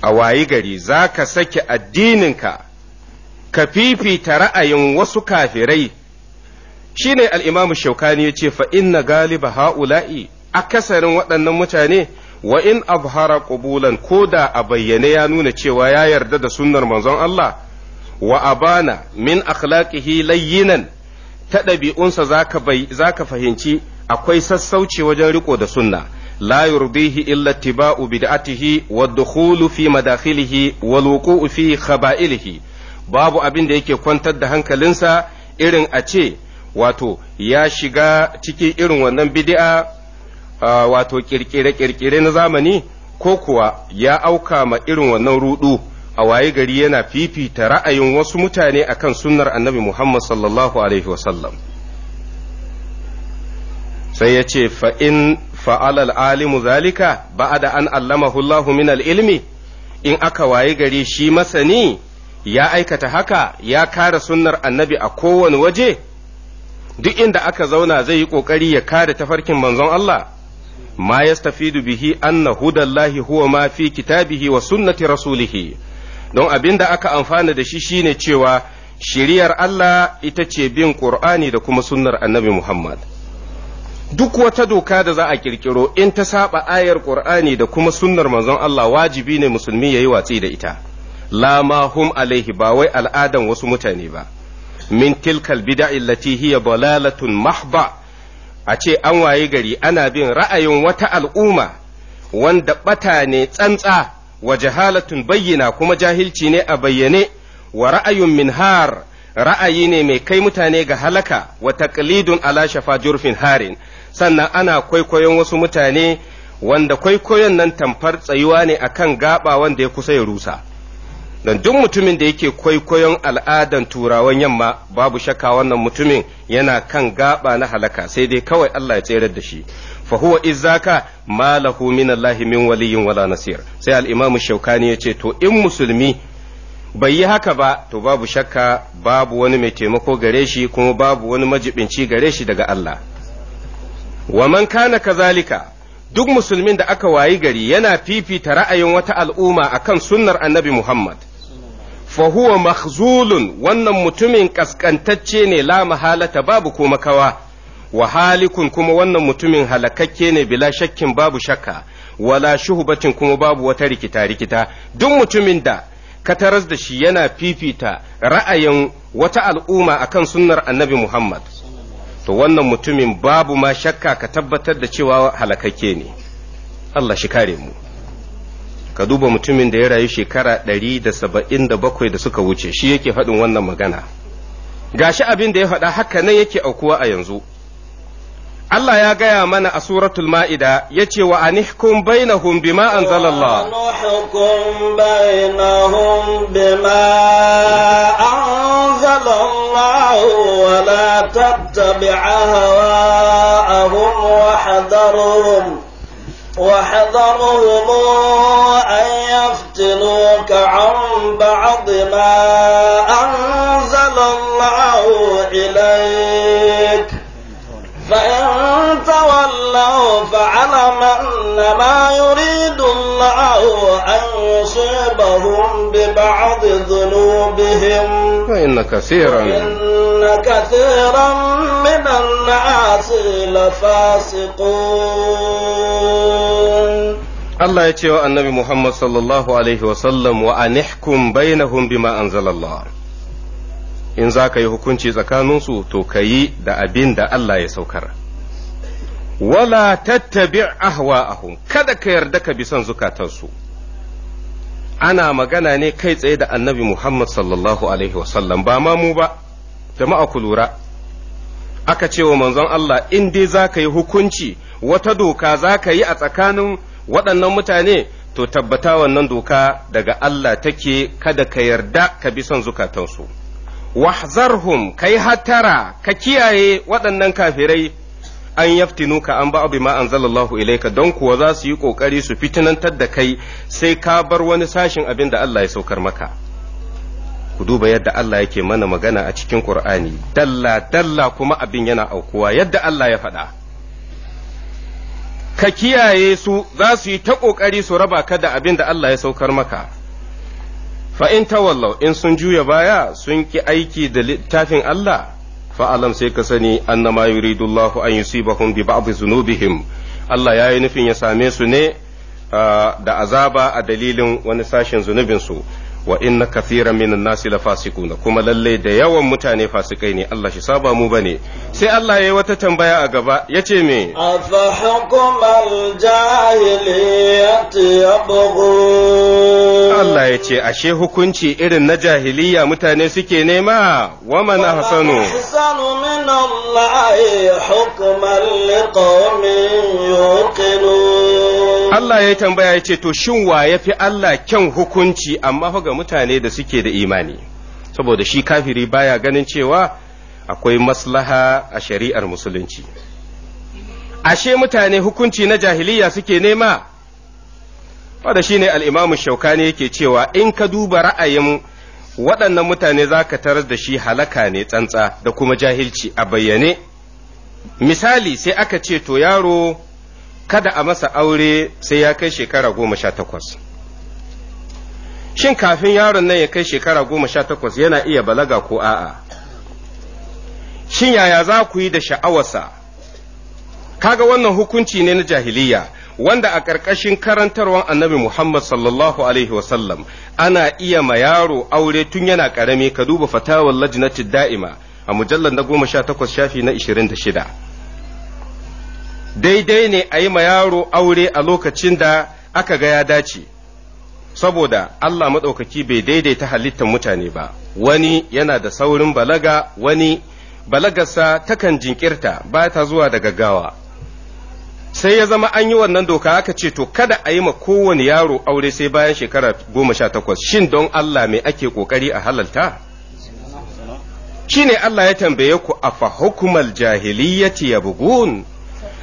A wayi gari za ka sake addininka, ka fifita ra'ayin wasu kafirai shine al-imamu shaukani ce fa na galiba haula'i akasarin waɗannan mutane wa in abhara ko da a bayyane ya nuna cewa ya yarda da sunnar manzon Allah wa a bana min akhlaqihi layyinan ta ɗabi'unsa za ka fahimci akwai sassauci wajen riko da sunna la yurdihi illa tiba'u bid'atihi wa dukhulu fi madakhilihi wa fi khaba'ilihi babu abin da yake kwantar da hankalinsa irin a ce wato ya shiga cikin irin wannan bidi'a wato kirkire-kirkire na zamani ko kuwa ya auka ma irin wannan rudu a waye gari yana fifita ra'ayin wasu mutane akan sunnar annabi Muhammad sallallahu alaihi wasallam sai ya ce fa'in fa'alal alimu zalika da an allamahu Allahu min ilmi in aka waye gari shi masani ya aikata haka ya kare sunnar annabi a kowane waje duk inda aka zauna zai yi ƙoƙari ya kare tafarkin manzon Allah ma yastafidu bihi anna hudallahi huwa ma fi kitabihi wa sunnati rasulihi don abin da aka amfana da shi shine cewa shiriyar Allah ita ce bin Qur'ani da kuma sunnar Annabi Muhammad duk wata doka da za a kirkiro in ta saba ayar Qur'ani da kuma sunnar manzon Allah wajibi ne musulmi yayi watsi da ita la ma hum alaihi ba wai al'adan wasu mutane ba min tilkal bid'a lati hiya dalalatun mahba a ce an waye gari ana bin ra'ayin wata al'umma wanda bata ne tsantsa wa jahalatun bayyana kuma jahilci ne a bayyane wa ra'ayun har ra'ayi ne mai kai mutane ga halaka wa taqlidun ala shafa jurfin harin sannan ana kwaikwayon wasu mutane wanda kwaikwayon nan tamfar tsayuwa ne akan gaba wanda ya kusa ya rusa don duk mutumin da yake kwaikwayon al'adan turawan yamma babu shakka wannan mutumin yana kan gaba na halaka sai dai kawai Allah ya tserar da shi fa huwa izzaka malahu lahu min Allah min wala nasir sai al-imam shaukani ce to in musulmi bai yi haka ba to babu shakka babu wani mai taimako gare shi kuma babu wani majibinci gare shi daga Allah wa man kana kazalika duk musulmin da aka wayi gari yana fifita ra'ayin wata al'umma akan sunnar annabi Muhammad Fahuwa makzulun wannan mutumin kaskantacce ne la mahalata babu ko makawa wahalikun kuma wannan mutumin halakakke ne bila shakkin babu shakka wala shuhubatin kuma babu wata rikita rikita duk mutumin da ka taras da shi yana fifita ra'ayin wata al'umma akan sunnar annabi Muhammad to wannan mutumin babu ma shakka ka tabbatar da cewa halakakke ne Allah shi kare mu ka duba mutumin da ya rayu shekara ɗari da saba'in da bakwai da suka wuce shi yake faɗin wannan magana gashi abin da ya faɗa haka nan yake aukuwa a yanzu Allah ya gaya mana a suratul ma'ida ya ce wa an hukum bainahum bima anzalallah wa la tattabi wa وحذرهم أن يفتنوك عن بعض ما أنزل الله إليك فإن تولوا أن ما يريد الله أن أصابهم ببعض ذنوبهم وإن كثيرا وإن كثيرا من الناس لفاسقون Allah ya ce wa annabi Muhammad sallallahu Alaihi wasallam wa anihkum bainahum bima anzalallah in za ka yi hukunci tsakaninsu to ka yi da abin da Allah ya saukar. Wala tattabi ahwa'ahum kada ka yarda ka bi son zukatansu. ana magana ne kai tsaye da annabi Muhammad sallallahu Alaihi wasallam ba ma mu ba, jama'a ku lura, aka ce wa manzon Allah in dai za ka yi hukunci wata doka za ka yi a tsakanin waɗannan mutane to tabbata wannan doka daga Allah take kada ka yarda ka bi son zukatansu. Wahzarhum kai hatara ka kiyaye waɗannan kafirai an yaftinuka an ba abu ma an anzalallahu ilaika don kuwa za su yi ƙoƙari su fitinantar da kai sai ka bar wani sashin abin da Allah ya saukar maka ku duba yadda Allah yake mana magana a cikin kur'ani dalla dalla kuma abin yana aukuwa yadda Allah ya faɗa ka kiyaye su za su yi ta ƙoƙari su raba ka da abin da Allah ya saukar maka fa in wallau in sun juya baya sun ki aiki da littafin Allah fa'alam sai ka sani annama yuridullahu an yusibahum bi ba'd zunubihim Allah ya yi nufin ya same su ne ah, da azaba a dalilin wani sashen zunubinsu su wa inna kathira minan nasi la fasikuna kuma lallai da yawan mutane fasikai ne Allah shi saba mu bane sai Allah yayi wata tambaya a gaba yace me afa hukumal jahiliyati yabghun Allah yace ashe hukunci irin na jahiliya mutane suke nema wa man ahsanu ahsanu min Allah hukman liqaumin yuqinun Allah ya tambaya ya ce to shin wa ya fi Allah kyan hukunci amma fa ga mutane da suke da imani saboda shi kafiri baya ganin cewa akwai maslaha a shari'ar musulunci ashe mutane hukunci na jahiliya suke nema shi ne al shauka Shaukani yake cewa in ka duba ra'ayin waɗannan mutane za ka tarar da shi halaka ne tsantsa da kuma jahilci a bayyane misali sai aka ce to yaro kada a masa aure sai ya kai shekara goma sha takwas shin kafin yaron nan ya kai shekara goma sha takwas yana iya balaga ko a'a shin yaya za ku yi da sha'awarsa kaga wannan hukunci ne na jahiliya wanda a ƙarƙashin karantarwar annabi Muhammad sallallahu Alaihi wasallam ana iya ma yaro aure tun yana ƙarami ka duba fatawar lajinati da'ima a mujallar na goma sha takwas shafi na ishirin da shida. daidai ne a yi ma yaro aure a lokacin da aka ga ya dace saboda Allah maɗaukaki bai daidaita halittar mutane ba wani yana da saurin balaga wani balagarsa takan jinkirta ba ta zuwa da gaggawa sai ya zama an yi wannan doka aka ce to kada a yi ma kowane yaro aure sai bayan shekara goma sha takwas shin don Allah mai ake kokari a halalta ne Allah ya tambaye ku a fahukumal jahiliyyati ya bugun.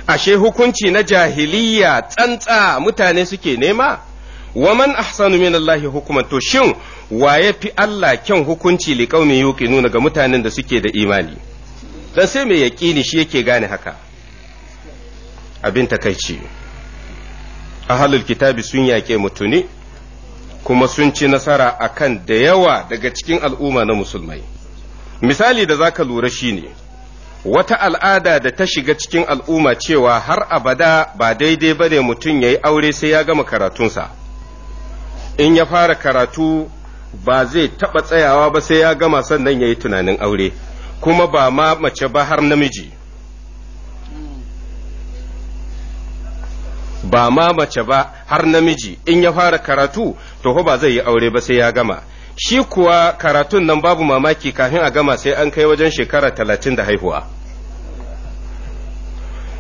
ashe hukunci na jahiliya tsantsa mutane suke nema waman ahsanu min Allahi hukuman to shin waye fi Allah kyan hukunci li qaumi yuqinu ga mutanen da suke da imani dan sai mai yaqini shi yake gane haka abin takaici ahlul kitabi sun yaƙe mutune kuma sun ci nasara akan da yawa daga cikin al'umma na musulmai misali da zaka lura shine wata al'ada da ta shiga cikin al'umma cewa har abada ba daidai ba ne mutum ya yi aure sai ya gama karatunsa in ya fara karatu ba zai taɓa tsayawa ba sai ya gama sannan ya yi tunanin aure kuma ba ma mace ba har namiji ba ma mace ba har namiji in ya fara karatu to ba zai yi aure ba sai ya gama shi kuwa karatun nan babu mamaki kafin a gama sai an kai wajen shekara talatin da haihuwa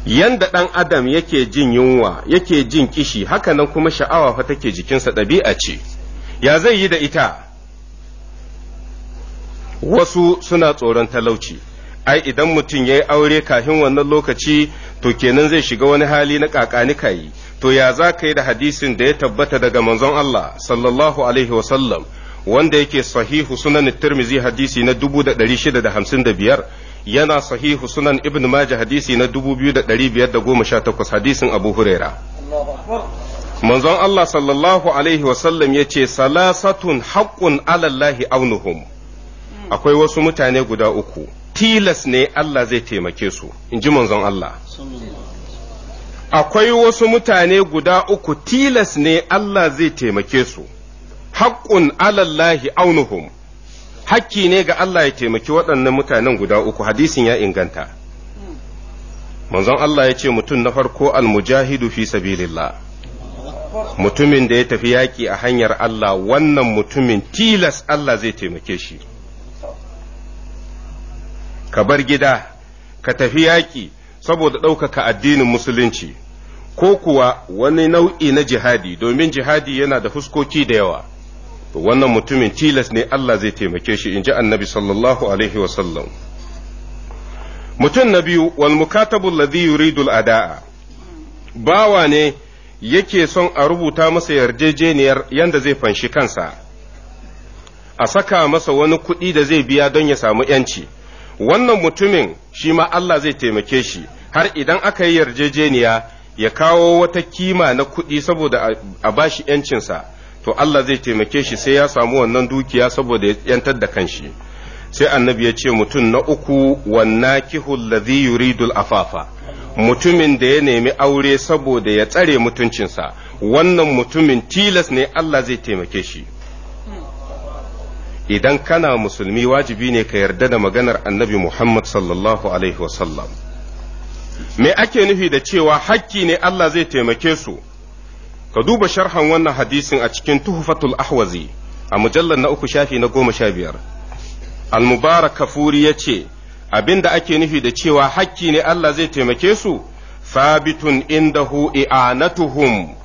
yanda ɗan adam yake jin yunwa yake jin kishi hakanan kuma sha'awa fa take jikinsa ɗabi'a ce ya zai yi da ita wasu suna tsoron talauci ai idan mutum ya yi aure kafin wannan lokaci to kenan zai shiga wani hali na ƙaƙanika yi to ya za ka yi da hadisin da ya tabbata daga manzon Allah sallallahu alaihi wasallam wanda yake sahihu sunan tirmizi hadisi na biyar. yana sahihu sunan ibn majah hadisi na 2518 hadisin abu huraira manzon Allah sallallahu alaihi wasallam ya ce salasatun haƙƙun alallahi aunuhum akwai wasu mutane guda uku tilas ne Allah zai taimake su in ji manzon Allah akwai wasu mutane guda uku tilas ne Allah zai taimake su haƙƙun alallahi aunuhum hakki ne ga Allah ya taimaki waɗannan mutanen guda uku hadisin ya inganta manzon Allah ya ce mutum na farko almujahidu fi sabilillah mutumin da ya tafi yaƙi a hanyar Allah wannan mutumin tilas Allah zai taimake shi ka bar gida ka tafi yaƙi saboda ɗaukaka addinin musulunci ko kuwa wani nau'i na jihadi domin jihadi yana da fuskoki da yawa wannan mutumin tilas ne Allah zai taimake shi in ji annabi sallallahu alaihi wasallam mutum na biyu wal mukatabu alladhi yuridu al-ada'a bawa ne yake son a rubuta masa yarjejeniyar yanda zai fanshi kansa a saka masa wani kuɗi da zai biya don ya samu yanci wannan mutumin shi ma Allah zai taimake shi har idan aka yi yarjejeniya ya kawo wata kima na kuɗi saboda a bashi yancinsa to Allah zai taimake shi sai ya samu wannan dukiya saboda ya yantar da kanshi sai annabi ya ce mutum na uku wanna kihul ladhi yuridul afafa mutumin da ya nemi aure saboda ya tsare mutuncinsa wannan mutumin tilas ne Allah zai taimake shi idan kana musulmi wajibi ne ka yarda da maganar annabi Muhammad sallallahu alaihi wasallam me ake nufi da cewa hakki ne Allah zai taimake su ka duba sharhan wannan hadisin a cikin tuhfatul ahwazi a mujallar na uku shafi na goma sha biyar al kafuri ya ce abin da ake nufi da cewa hakki ne Allah zai taimake su sabitun indahu i'anatuhum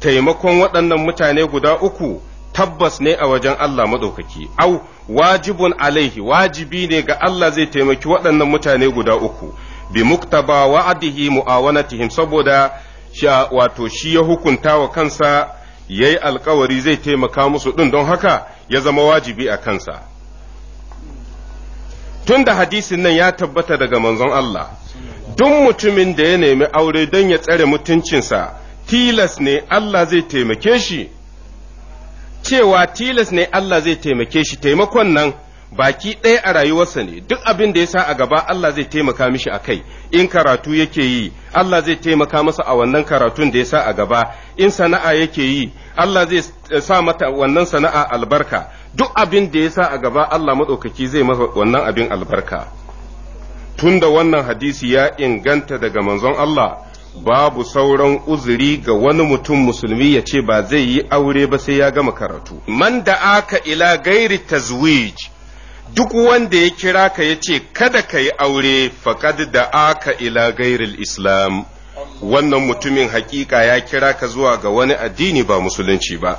taimakon waɗannan mutane guda uku tabbas ne a wajen Allah maɗaukaki au wajibun alaihi wajibi ne ga Allah zai taimaki waɗannan mutane guda uku bi muktaba wa'adihi mu'awanatihim saboda wato shi ya hukunta wa kansa ya yi alkawari zai taimaka musu ɗin don haka ya zama wajibi a kansa Tunda hadisin nan ya tabbata daga manzon Allah duk mutumin da ya nemi aure don ya tsare mutuncinsa tilas ne Allah zai taimake shi cewa tilas ne Allah zai taimake shi taimakon nan baki ɗaya a rayuwarsa ne duk abin da ya sa a gaba Allah zai taimaka mishi a kai in karatu yake yi Allah zai taimaka masa a wannan karatun da ya sa a gaba in sana'a yake yi Allah zai sa mata wannan sana'a albarka duk abin da ya sa a gaba Allah maɗaukaki zai masa wannan abin albarka Tun da wannan hadisi ya inganta daga manzon Allah babu sauran uzuri ga wani mutum musulmi ya ce ba zai yi aure ba sai ya gama karatu man da aka ila gairi tazwij duk wanda ya kira ka ya ce kada ka yi aure faƙad da aka ila gairil islam wannan mutumin hakika ya kira ka zuwa ga wani addini ba musulunci ba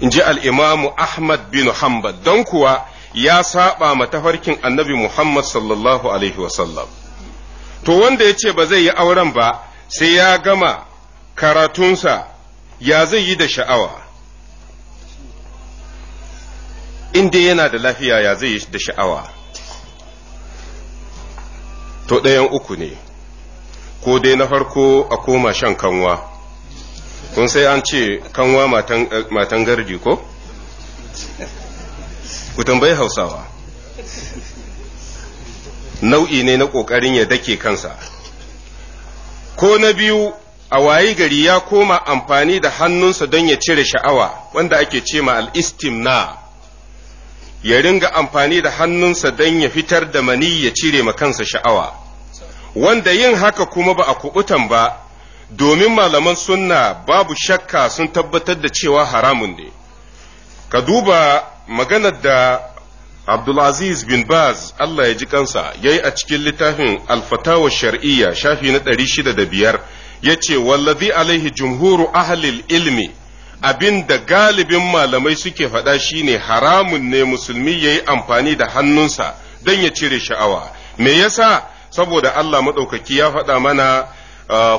in ji al'imamu ahmad bin hanbal don kuwa ya saba ma tafarkin annabi muhammad sallallahu alaihi wasallam to wanda ya ce ba zai yi auren ba sai ya gama karatunsa ya zai yi da sha'awa in dai yana da lafiya ya zai yi da sha'awa to ɗayan uku ne ko dai na farko a koma shan kanwa kun sai an ce kanwa eh, matan gardi ko ku tambayi hausawa nau'i ne na ƙoƙarin ya dake kansa ko na biyu a wayi gari ya koma amfani da hannunsa don ya cire sha'awa wanda ake ce ma na ya ringa amfani da hannunsa don ya fitar da mani ya cire ma kansa sha'awa wanda yin haka kuma ba a kuɓutan ba domin malaman sunna babu shakka sun tabbatar da cewa haramun ne ka duba maganar da abdulaziz bin baz allah ya ji kansa ya yi a cikin littafin alfatawa shar'iyya shafi na ɗari shida da biyar ya ce wallazi alaihi jumhuru ahlil ilmi abin da galibin malamai suke faɗa shine haramun ne musulmi ya yi amfani da hannunsa don ya cire sha'awa me yasa saboda Allah maɗaukaki ya faɗa mana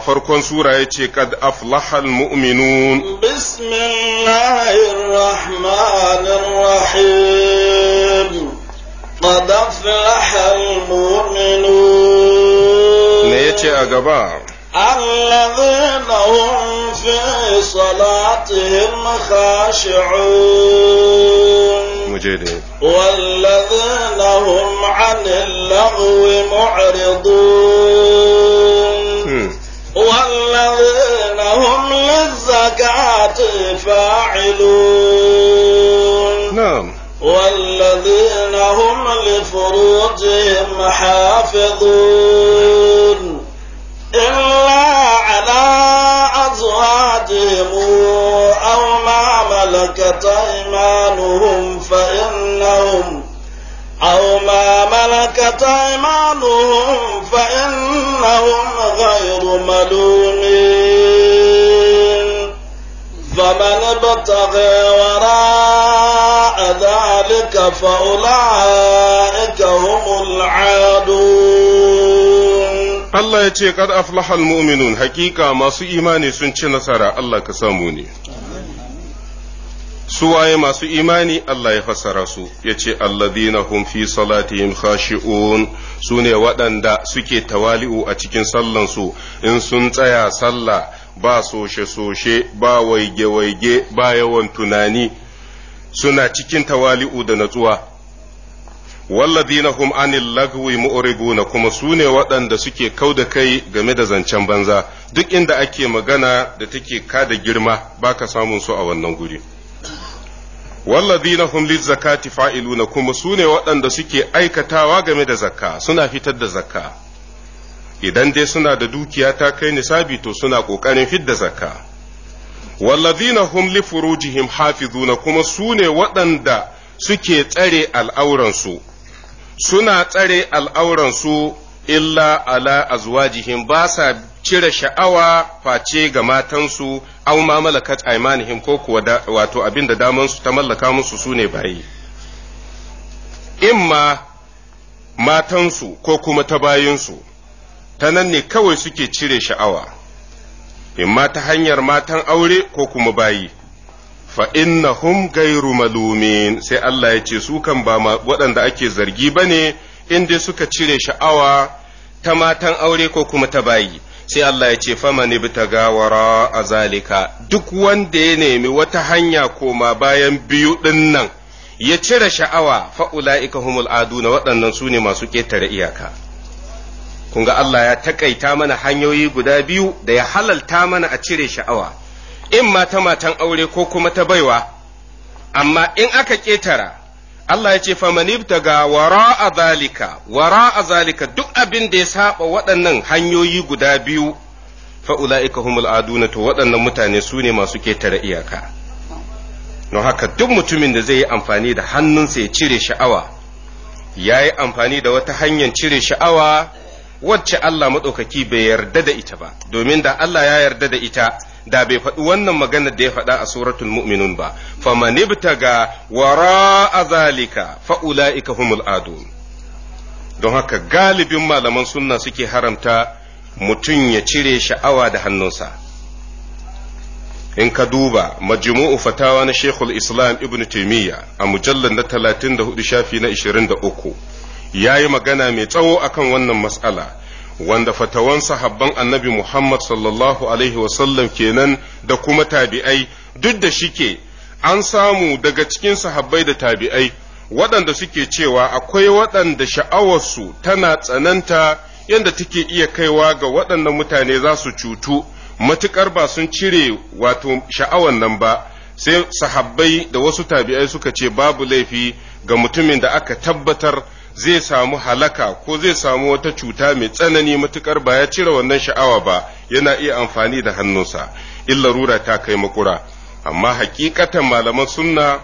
farkon sura ya ce kad aflahal mu'minun bismillahirrahmanirrahim qad aflahal mu'minun me yace a gaba الذين هم في صلاتهم خاشعون مجيد والذين هم عن اللغو معرضون والذين هم للزكاة فاعلون نعم والذين هم لفروجهم حافظون إلا على أزواجهم أو ما ملكت أيمانهم فإنهم أو ما ملكت أيمانهم فإنهم غير ملومين فمن ابتغي وراء ذلك فأولئك هم العادون Allah ya ce kad aflahal mu'minun hakika masu imani sun ci nasara Allah ka samu ne su waye masu imani Allah ya fassara su ya ce alladhina hum fi salatihim khashi'un su ne waɗanda suke tawali'u a cikin sallansu in sun tsaya sallah ba soshe-soshe ba waige-waige ba yawan tunani suna cikin tawali'u da natsuwa walladina hum anil lagwi mu'riduna kuma su ne waɗanda suke kau da kai game da zancen banza duk inda ake magana da take kada girma baka samun su a wannan guri walladina hum lizakati fa'iluna kuma su ne waɗanda suke aikatawa game da zakka suna fitar da zakka idan dai suna da dukiya ta kai nisabi to suna ƙoƙarin fidda zakka walladina hum li furujihim hafizuna kuma sune ne waɗanda suke tsare al'auransu suna tsare al'auransu illa ala azwajihim ba sa cire sha'awa face ga matansu aw ma malakat aimanihim ko kuwa wato abin da damansu ta mallaka musu sune bayi imma matansu ko kuma ta bayinsu ta nan ne kawai suke cire sha'awa imma ta hanyar matan aure ko kuma bayi fa innahum gairu malumin sai Allah ya ce su kan ba waɗanda ake zargi ba ne in suka cire sha'awa ta matan aure ko kuma ta bayi sai Allah ya ce faman ibtaga wara a zalika duk wanda ya nemi wata hanya koma bayan biyu ɗin nan ya cire sha'awa fa ulaika humul aduna waɗannan su ne masu ƙetare iyaka kun ga Allah ya takaita mana hanyoyi guda biyu da ya halalta mana a cire sha'awa in ma ta matan aure ko kuma ta baiwa amma in aka ƙetara Allah ya ce famanib daga wara a zalika wara a zalika duk abin da ya saba waɗannan hanyoyi guda biyu fa'ula'ika humul aduna to waɗannan mutane su ne masu ƙetare iyaka don haka duk mutumin da zai yi amfani da hannunsa ya cire sha'awa ya yi amfani da wata hanyar cire sha'awa wacce Allah maɗaukaki bai yarda da ita ba domin da Allah ya yarda da ita da bai faɗi wannan maganar da ya faɗa a suratul mu'minun ba Fa man ibtaga wara zalika fa ulaika humul adun don haka galibin malaman sunna suke haramta mutum ya cire sha'awa da hannunsa in ka duba majmu'u fatawa na Sheikhul Islam Ibn taimiyya a mujallar na 34 shafi na 23 yayi magana mai tsawo akan wannan matsala. wanda fatawan sahabban annabi Muhammad sallallahu Alaihi wasallam kenan da kuma tabi'ai duk da shike an samu daga cikin sahabbai da tabi'ai waɗanda suke cewa akwai waɗanda sha'awarsu tana tsananta yadda take iya kaiwa ga waɗannan mutane za su cutu matuƙar ba sun cire wato sha'awar nan ba sai sahabbai da wasu tabi'ai suka ce babu laifi ga mutumin da aka tabbatar zai samu halaka ko zai samu wata cuta mai tsanani matukar ba ya cire wannan sha'awa ba yana iya amfani da hannunsa illarura ta kai makura amma hakikatan malaman sunna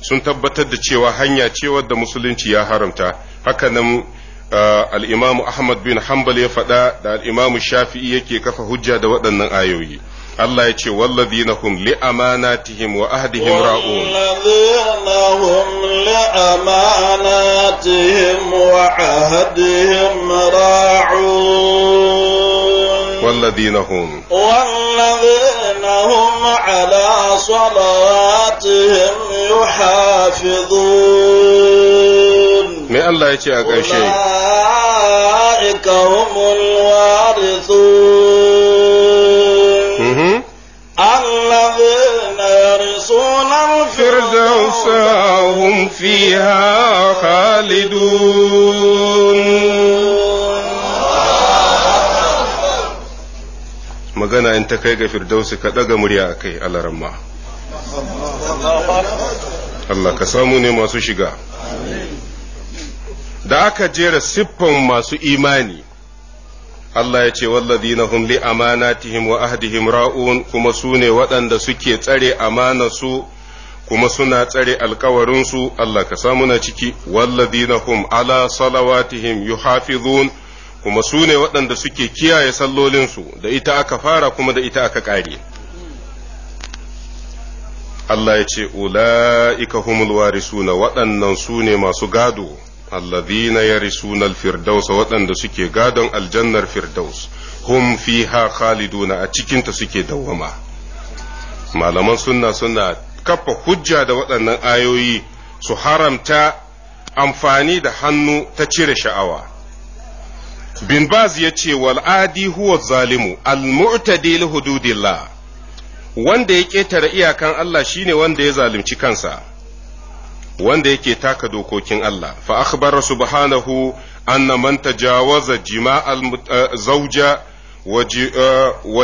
sun tabbatar da cewa hanya ce wadda musulunci ya haramta hakanan al uh, alimamu ahmad bin hanbal ya faɗa da al shafi'i yake kafa hujja da waɗannan ayoyi Allah ya ce wallazina hum li amanatihim wa ahdihim ra'un wallazina hum li amanatihim wa ahdihim ra'un wallazina hum wallazina hum ala salawatihim yuhafizun me Allah ya ce a ƙarshe ulaika humul warithun ومأواهم فيها خالدون magana in ta kai ga firdausi ka ɗaga murya a kai Laramma. Allah ka samu ne masu shiga da aka jera siffan masu imani Allah ya ce wallazina hum li amanatihim wa ahdihim ra'un kuma su ne waɗanda suke tsare amanarsu kuma suna tsare alkawarinsu Allah ka samu na ciki wallazina hum ala salawatihim yuhafizun kuma su ne waɗanda suke kiyaye sallolinsu da ita aka fara kuma da ita aka ƙare Allah ya ce ula'ika humul warisuna waɗannan su ne masu gado allazina yarisuna alfirdaus waɗanda suke gadon aljannar firdaus hum fiha khaliduna a cikinta suke dawwama malaman sunna suna kafa hujja da waɗannan ayoyi su haramta amfani da hannu ta cire sha'awa. Bin Baz ya ce wal'adi huwa zalimu al hududillah wanda ya ƙetare iyakan Allah shine wanda ya zalunci kansa. wanda yake taka dokokin Allah fa akhbara subhanahu anna man tajawaza jima'al eh, zawja wa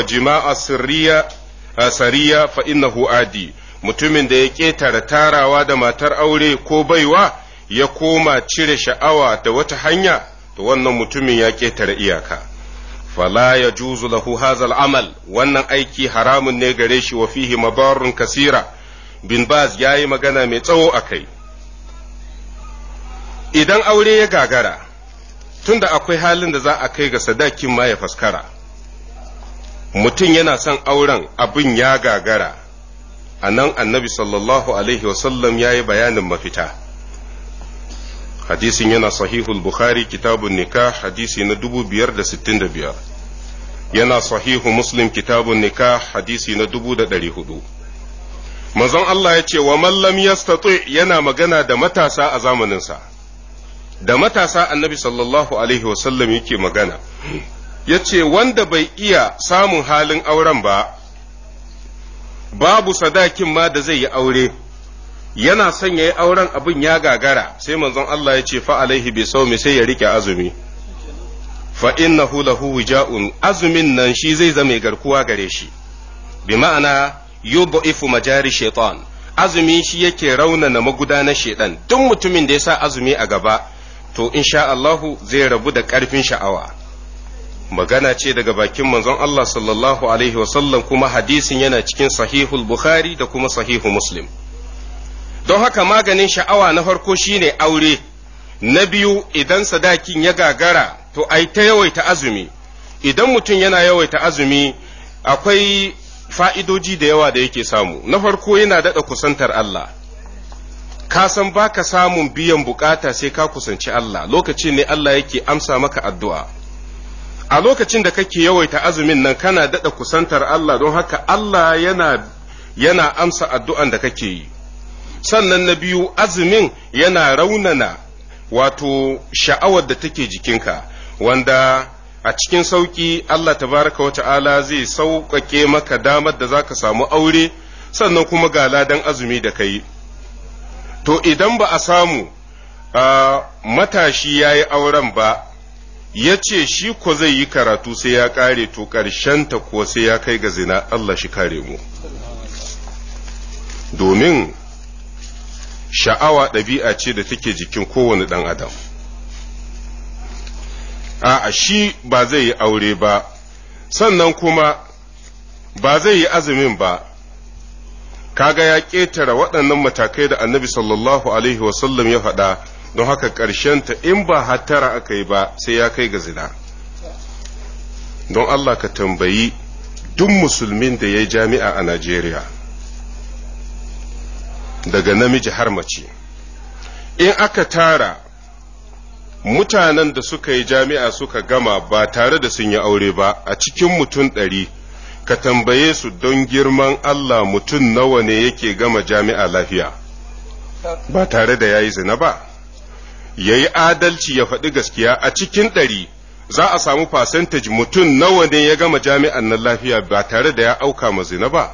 eh, jima'a eh, sariya fa innahu adi mutumin da ya ƙetare tarawa da matar aure ko baiwa ya koma cire sha'awa da wata hanya to wannan mutumin ya ƙetare iyaka fala ya juzu lahu hazal amal wannan aiki haramun ne gare shi wa fihi mabarun kasira bin baz ya yi magana mai tsawo a kai idan aure ya gagara tunda akwai halin da za a kai ga sadakin ma ya faskara mutum yana son auren abin ya gagara a nan annabi sallallahu alaihi wasallam ya yi bayanin mafita hadisin yana sahihul bukhari kitabun nikah hadisi na 565 yana sahihu muslim kitabun nikah hadisi na 1400 manzon Allah ya ce wa mallam yastati yana magana da matasa a zamaninsa da matasa annabi sallallahu alaihi wasallam yake magana ya ce wanda bai iya samun halin auren ba babu sadakin ma da zai yi aure yana son ya auren abin ya gagara sai manzon Allah ya ce fa alaihi bi saumi sai ya rike azumi fa innahu lahu wija'un azumin nan shi zai zama garkuwa gare shi bi ma'ana ifu majari shaitan azumi shi yake raunana magudanar shaitan duk mutumin da ya sa azumi a gaba to insha Allahu zai rabu da karfin sha'awa magana ce daga bakin manzon Allah sallallahu alaihi wasallam kuma hadisin yana cikin sahihul bukhari da kuma sahihu muslim don haka maganin sha'awa na farko shine aure na biyu idan sadakin ya gagara to ai ta yawaita azumi idan mutum yana yawaita azumi akwai fa'idoji da yawa da yake samu na farko yana daɗa kusantar Allah ka san baka samun biyan bukata sai ka kusanci Allah lokacin ne Allah yake amsa maka addu'a a lokacin da kake yawaita azumin nan kana daɗa kusantar Allah don haka Allah yana yana amsa addu'an da kake yi sannan na biyu azumin yana raunana wato sha'awar da take jikinka wanda a cikin sauƙi Allah tabaraka wa ta'ala zai sauƙaƙe maka damar da za ka samu aure sannan kuma ga ladan azumi da kai to idan ba a samu ah, matashi ya yi auren ba ya ce shi ko zai yi karatu sai ya ƙare to ta ko sai ya kai ga zina Allah shi kare mu domin sha'awa ɗabi'a ce da take jikin kowane ɗan adam a shi ba zai yi aure ba sannan kuma ba zai yi azumin ba kaga ya ƙetare waɗannan matakai da annabi sallallahu alaihi wasallam ya faɗa don haka ta in ba hattara aka yi ba sai ya kai ga zina don Allah ka tambayi duk musulmin da ya yi jami'a a Najeriya daga namiji har mace in aka tara mutanen da suka yi jami'a suka gama ba tare da sun yi aure ba a cikin mutum ɗari ka tambaye su don girman Allah mutum nawa ne yake gama jami'a lafiya ba tare da ya yi zina ba ya yi adalci ya faɗi gaskiya a cikin ɗari za a samu fasantaj mutum nawa ne ya gama jami'an nan lafiya ba tare da ya auka ma zina ba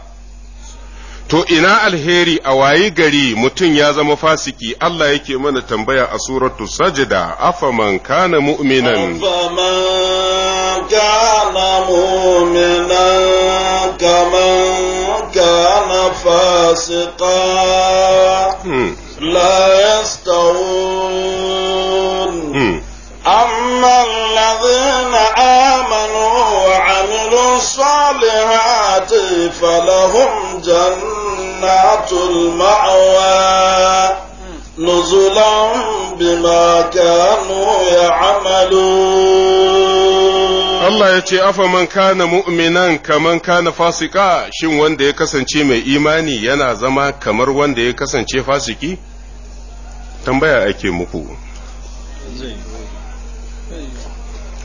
to ina alheri a wayi gari mutum ya zama fasiki Allah yake mana tambaya a suratu sajida afaman kana mu'minan afaman mu'minan kaman kana fasika hmm. أما الذين آمنوا وعملوا الصالحات فلهم جنات المأوى نزلا بما كانوا يعملون Allah ya ce, Afa man kana mu'minan kaman kana fasika, shin wanda ya kasance mai imani yana zama kamar wanda ya kasance fasiki? Tambaya ake muku.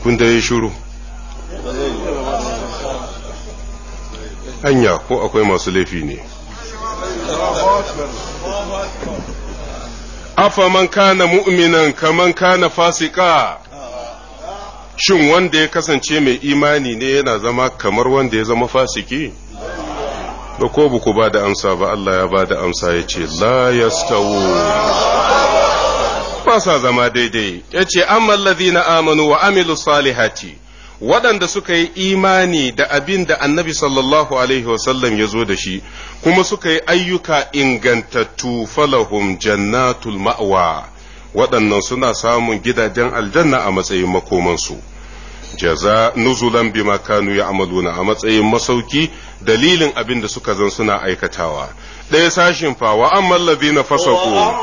kun da yi shuru anya ko akwai masu laifi ne afa man kana mu'minan kaman kana fasika shin wanda ya kasance mai imani ne yana zama kamar wanda ya zama fasiki ba ko buku ba da amsa ba Allah ya ba da amsa ya ce la yastawu ba sa zama daidai ya ce na amanu wa amilu salihati waɗanda suka yi imani da abin da annabi sallallahu alaihi wasallam ya zo da shi kuma suka yi ayyuka ingantattu falahum jannatul ma'wa waɗannan suna samun gidajen aljanna a matsayin makomansu jaza nuzulan bi makanu ya amaluna a matsayin masauki dalilin abin da suka zan suna aikatawa ɗaya sashin fa wa amma ladina fasaku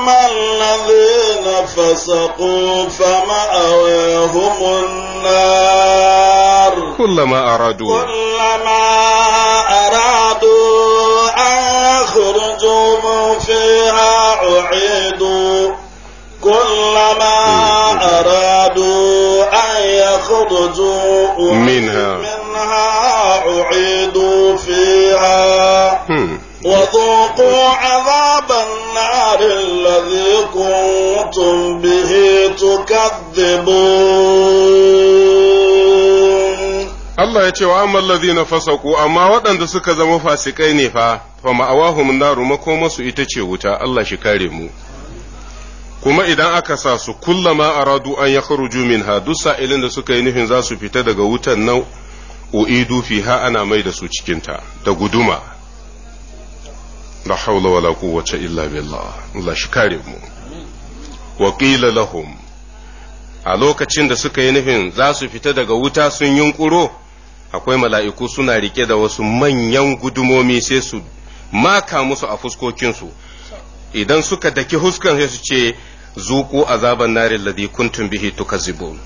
أما الذين فسقوا فمأواهم النار كلما أرادوا كلما أرادوا أن يخرجوا من فيها أعيدوا كلما أرادوا أن يخرجوا منها منها أعيدوا فيها وذوقوا عذاب النار الذي كنتم به تكذبون Allah ya ce wa amman na fasaku amma waɗanda suka zama fasikai ne fa fa ma'awahum ko masu ita ce wuta Allah shi kare mu kuma idan aka sa su kullama aradu an yakhruju minha duk sa'ilin da suka yi nufin za su fita daga wutan nan u'idu fiha ana mai da su cikinta da guduma la haula la quwwata illa billah Allah shi kare mu wa qila lahum a lokacin da suka yi nufin za su fita daga wuta sun yunkuro akwai mala'iku suna rike da wasu manyan gudumomi sai su maka musu a fuskokinsu idan suka daki huskan sai su ce zuku azaban narin ladhi kuntum bihi tukazibun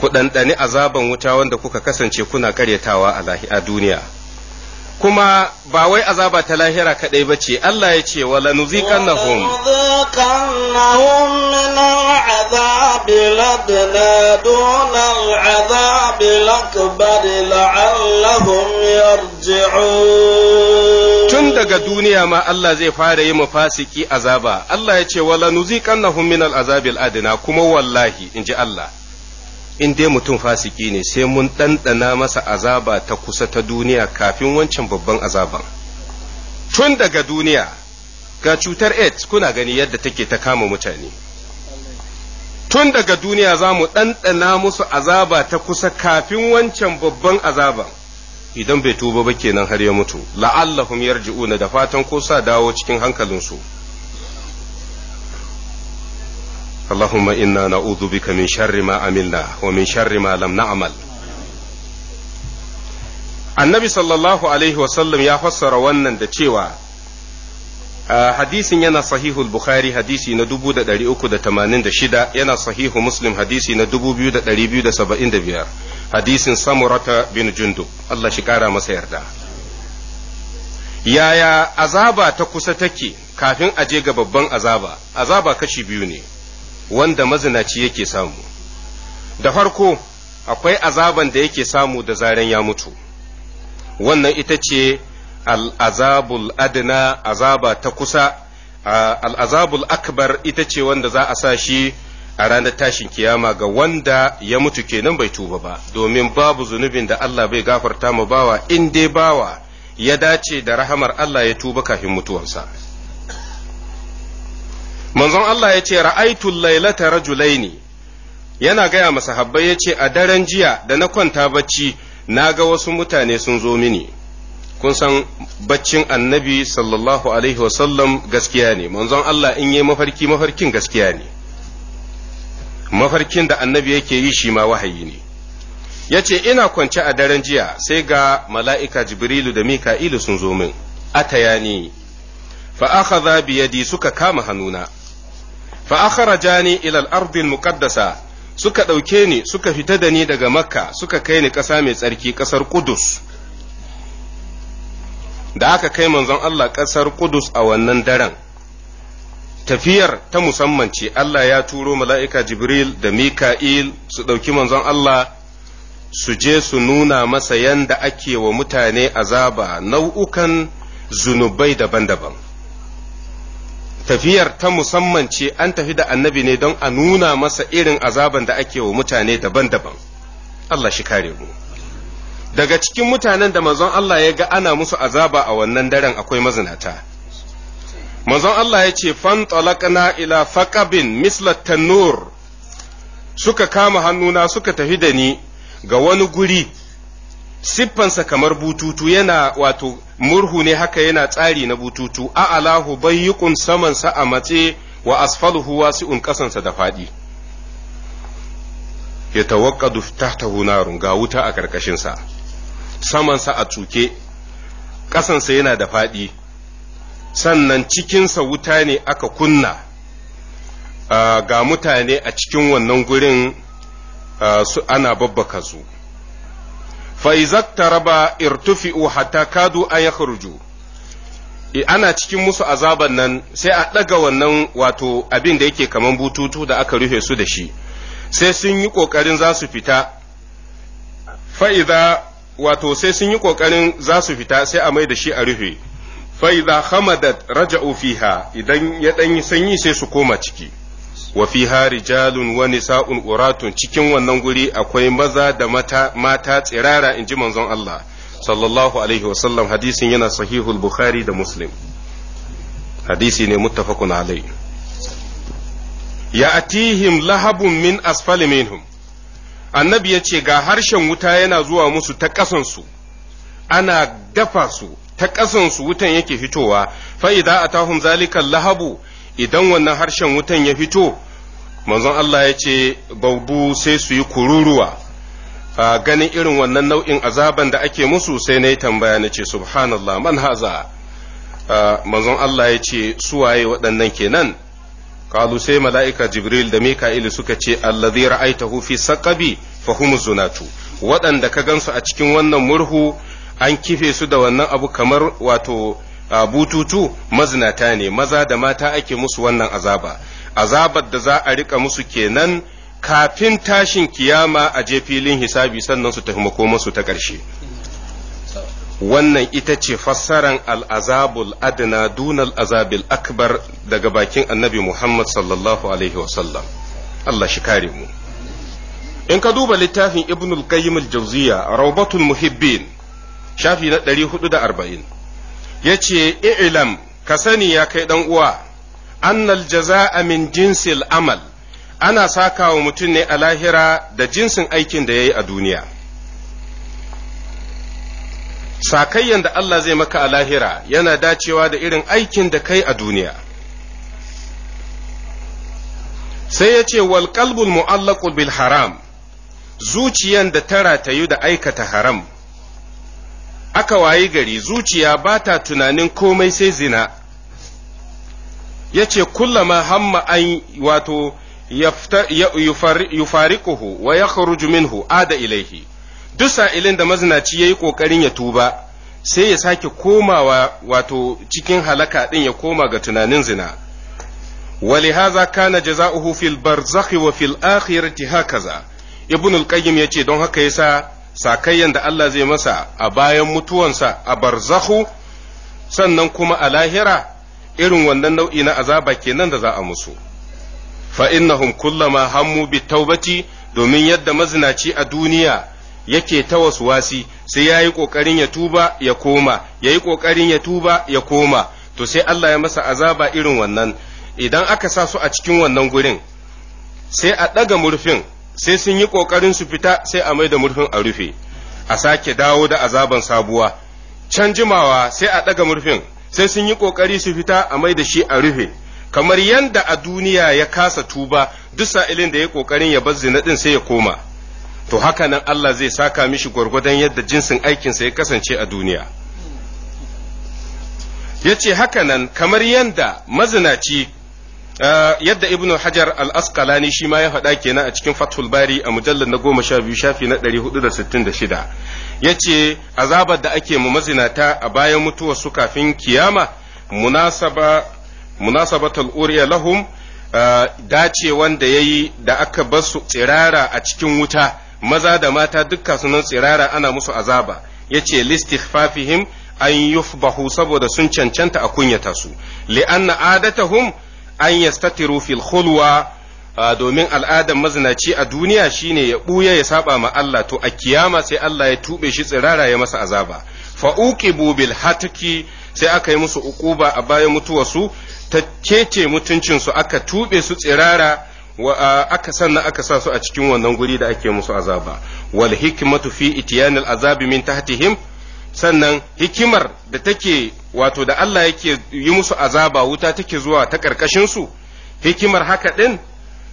ku ɗanɗani azaban wuta wanda kuka kasance kuna karyatawa a duniya kuma ba wai azaba ta lahira kaɗai ba ce Allah ya ce wala nuzikan na hum tun daga duniya ma Allah zai fara yi mafasiki azaba Allah ya ce wala nuzikan na hum min al'azabil kuma wallahi inji Allah in dai mutum fasiki ne sai mun ɗanɗana masa azaba ta kusa ta duniya kafin wancan babban azaban tun daga duniya ga cutar aids kuna gani yadda take ta kama mutane tun daga duniya za mu ɗanɗana musu azaba ta kusa kafin wancan babban azaban idan bai tuba ba kenan har ya mutu la'allahum yarji'una da fatan ko sa dawo cikin hankalinsu اللهم إنا نعوذ بك من شر ما عملنا ومن شر ما لم نعمل annabi sallallahu alaihi wasallam ya fassara wannan da cewa hadisin yana sahihul bukhari hadisi na 386 yana sahihu muslim hadisi na 2275 hadisin samurata bin jundub Allah shi kara masa yarda yaya azaba ta kusa take kafin je ga babban azaba azaba kashi biyu ne wanda mazinaci yake samu da farko akwai azaban da yake samu da zaren ya mutu wannan ita ce al'azabul adina azaba ta kusa al'azabul akbar ita ce wanda za a sa shi a ranar tashin kiyama ga wanda ya mutu kenan bai tuba ba domin babu zunubin da Allah bai gafarta ma bawa in dai bawa ya dace da rahamar Allah ya tuba kafin mutuwansa. manzon Allah ya ce ra'aitul lailata rajulaini yana gaya masahabbai ya ce a daren jiya da na kwanta bacci na ga wasu mutane sun zo mini kun san baccin annabi sallallahu alaihi wasallam gaskiya ne manzon Allah in yi mafarki mafarkin gaskiya ne mafarkin da annabi yake yi shi ma wahayi ne ya ce ina kwance a daren jiya sai ga mala'ika jibrilu da mika'ilu sun zo min atayani fa akhadha bi yadi suka kama hannuna fa akhrajani ila al-ard suka ɗauke ni suka fita da ni daga makka suka kai ni ƙasa mai tsarki ƙasar kudus. da aka kai manzon Allah ƙasar kudus a wannan daren tafiyar ta musamman ce Allah ya turo mala'ika Jibril da Mika'il su ɗauki manzon Allah su je su nuna masa yanda ake wa mutane azaba nau'ukan zunubai daban-daban. tafiyar ta musamman ce an tafi da annabi ne don a nuna masa irin azaban da ake wa mutane daban-daban Allah shi kare mu daga cikin mutanen da manzon Allah ya ga ana musu azaba a wannan daren akwai mazinata manzon Allah ya ce fan talaqna ila faqabin misla tanur suka kama hannuna suka tafi da ni ga wani guri siffansa kamar bututu yana wato murhu ne haka yana tsari na bututu a alahu bayyukun samansa a matse wa asfaluhu in kasansa da faɗi ya tawakkadu ta narun ga wuta a ƙarƙashinsa samansa a tsuke kasansa yana da faɗi sannan cikinsa wuta ne aka kunna ah, ga mutane a cikin wannan gurin ah, ana babbaka su ba izaktaraba irtufi'u hatta kadu a ya kurju ana cikin musu azaban nan sai a ɗaga wannan wato abin da yake kaman bututu da aka rufe su da shi sai sun yi ƙoƙarin za su fita fa'iza wato sai sun yi ƙoƙarin za su fita sai a mai da shi a rufe fa'iza hamadat raja'u fiha idan ya ɗanyi sanyi sai su koma ciki wa fiha rijalun wa nisa'un uratun cikin wannan guri akwai maza da mata mata tsirara inji manzon Allah sallallahu alaihi wa sallam hadisin yana sahihul bukhari da muslim hadisi ne muttafaqun alai ya lahabun min asfali minhum annabi ya ce ga harshen wuta yana zuwa musu ta su. ana dafa su ta ƙasansu wutan yake fitowa fa'ida a tahun zalikan lahabu idan wannan harshen wutan ya fito manzon Allah ya ce babu sai su yi kururuwa a ganin irin wannan nau'in azaban da ake musu sai na yi tambaya na ce subhanallah man haza manzon Allah ya ce waye waɗannan kenan kalu sai mala'ika jibril da mika'il suka ce allazi ra'aitahu fi saqabi fa hum zunatu waɗanda ka gansu a cikin wannan murhu an kife su da wannan abu kamar wato bututu mazinata ne maza da mata ake musu wannan azaba azabar da za a rika musu kenan kafin tashin kiyama a je filin hisabi sannan su tafi makomansu ta ƙarshe wannan ita ce fassaran al'azabul adna dunal azabil akbar daga bakin annabi Muhammad sallallahu Alaihi wasallam Allah shi kare mu in ka duba littafin ibnul qayyim al-jawziya rawbatul muhibbin shafi na 440 yace i'lam ka sani ya kai dan uwa annal jaza'a min jinsil amal ana saka wa mutum ne a lahira da jinsin aikin da ya yi a duniya sakayyan da Allah zai maka a lahira yana dacewa da irin aikin da kai a duniya sai yace ce wal qalbul mu'allaqu bil haram zuciyan da ta ratayu da aikata haram aka wayi gari zuciya ba ta tunanin komai sai zina ya ce kullama hamma an wato yufariquhu wa ya minhu ada ilaihi duk sa'ilin da mazinaci ya yi ƙoƙarin ya tuba sai ya sake komawa wato cikin halaka ɗin ya koma ga tunanin zina ولهذا كان جزاؤه في البرزخ وفي الآخرة هكذا ابن القيم يتي دون هكا sakayyan da Allah zai masa a bayan mutuwansa a barzahu sannan kuma a lahira irin wannan nau'i na azaba kenan da za a musu fa innahum kullama hammu bi taubati domin yadda mazinaci a duniya yake ta wasi sai ya yi ƙoƙarin ya tuba ya koma ya yi ƙoƙarin ya tuba ya koma to sai Allah ya masa azaba irin wannan idan aka sa su a cikin wannan gurin sai a ɗaga murfin sai sun yi ƙoƙarin su fita sai a mai da murfin a rufe a sake dawo da azaban sabuwa can jimawa sai a ɗaga murfin sai sun yi ƙoƙari su fita a mai da shi a rufe kamar yadda a duniya ya kasa tuba duk sa'ilin da ya ƙoƙarin ya bar zina ɗin sai ya koma to haka nan Allah zai saka mishi gwargwadon yadda jinsin aikinsa ya kasance a duniya ya ce haka nan kamar yadda mazinaci Eh, yadda ibnu hajar al-asqalani shi ma ya faɗa kenan a cikin fathul bari a mujallar na goma sha biyu shafi na ɗari hudu da sittin da shida ya ce azabar da ake mu mazinata a bayan mutuwar su kafin kiyama munasaba munasabatul uriya lahum eh, dace wanda ya yi da aka bar su tsirara a cikin wuta maza da mata dukka sunan tsirara ana musu azaba ya ce listighfafihim an yufbahu saboda sun cancanta a kunyata su li'anna adatahum an yastatiru fil khulwa domin al'adan mazinaci a duniya shine ya buya ya saba ma Allah to a kiyama sai Allah ya tube shi tsirara ya masa azaba fa uqibu bil hatki sai aka yi musu uquba a bayan mutuwarsu ta kece mutuncinsu aka tube su tsirara aka sannan aka sa su a cikin wannan guri da ake musu azaba wal hikmatu fi itiyanil azabi min tahtihim sannan hikimar da take wato da Allah yake yi musu azaba wuta take zuwa ta ƙarƙashinsu hikimar haka ɗin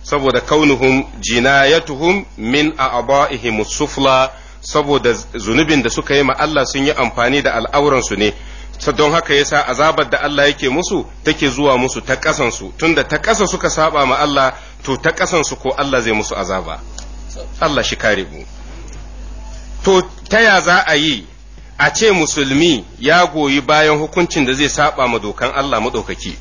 saboda kaunuhum jinayatuhum min a'ba'ihim sufla saboda zunubin da suka yi ma Allah sun yi amfani da al'auransu ne don haka yasa azabar da Allah yake musu take zuwa musu ta ƙasansu tunda ta ƙasa suka saba ma Allah to ta ƙasansu ko Allah zai musu azaba Allah shi kare mu to ta ya za a yi a ce musulmi ya goyi bayan hukuncin da zai saba ma dokan Allah maɗaukaki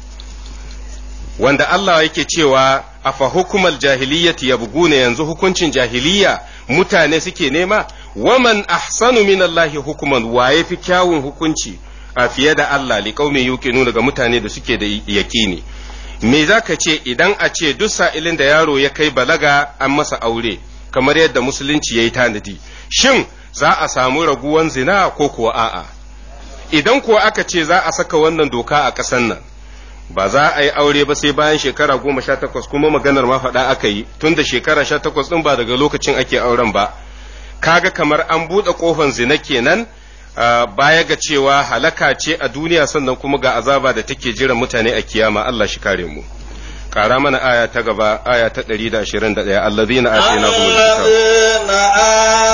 wanda Allah yake cewa a fa hukumal jahiliyyati yabguna yanzu hukuncin jahiliya mutane suke nema waman ahsanu min Allahi hukuman waye fi kyawun hukunci a fiye da Allah yuke nuna ga mutane da suke da yakini me zaka ce idan a ce duk sa'ilin da yaro ya kai balaga an masa aure kamar yadda musulunci yayi tanadi shin za a samu raguwan zina ko kuwa a'a idan kuwa aka ce za a saka wannan doka a ƙasan nan ba za a yi aure ba sai bayan shekara goma sha takwas kuma maganar ma faɗa aka yi tun da shekara sha takwas ɗin ba daga lokacin ake auren ba kaga kamar an buɗe ƙofan zina kenan baya ga cewa halaka ce a duniya sannan kuma ga azaba da take jiran mutane a kiyama Allah shi kare mu ƙara mana aya ta gaba aya ta 121 allazina atainahumul kitaba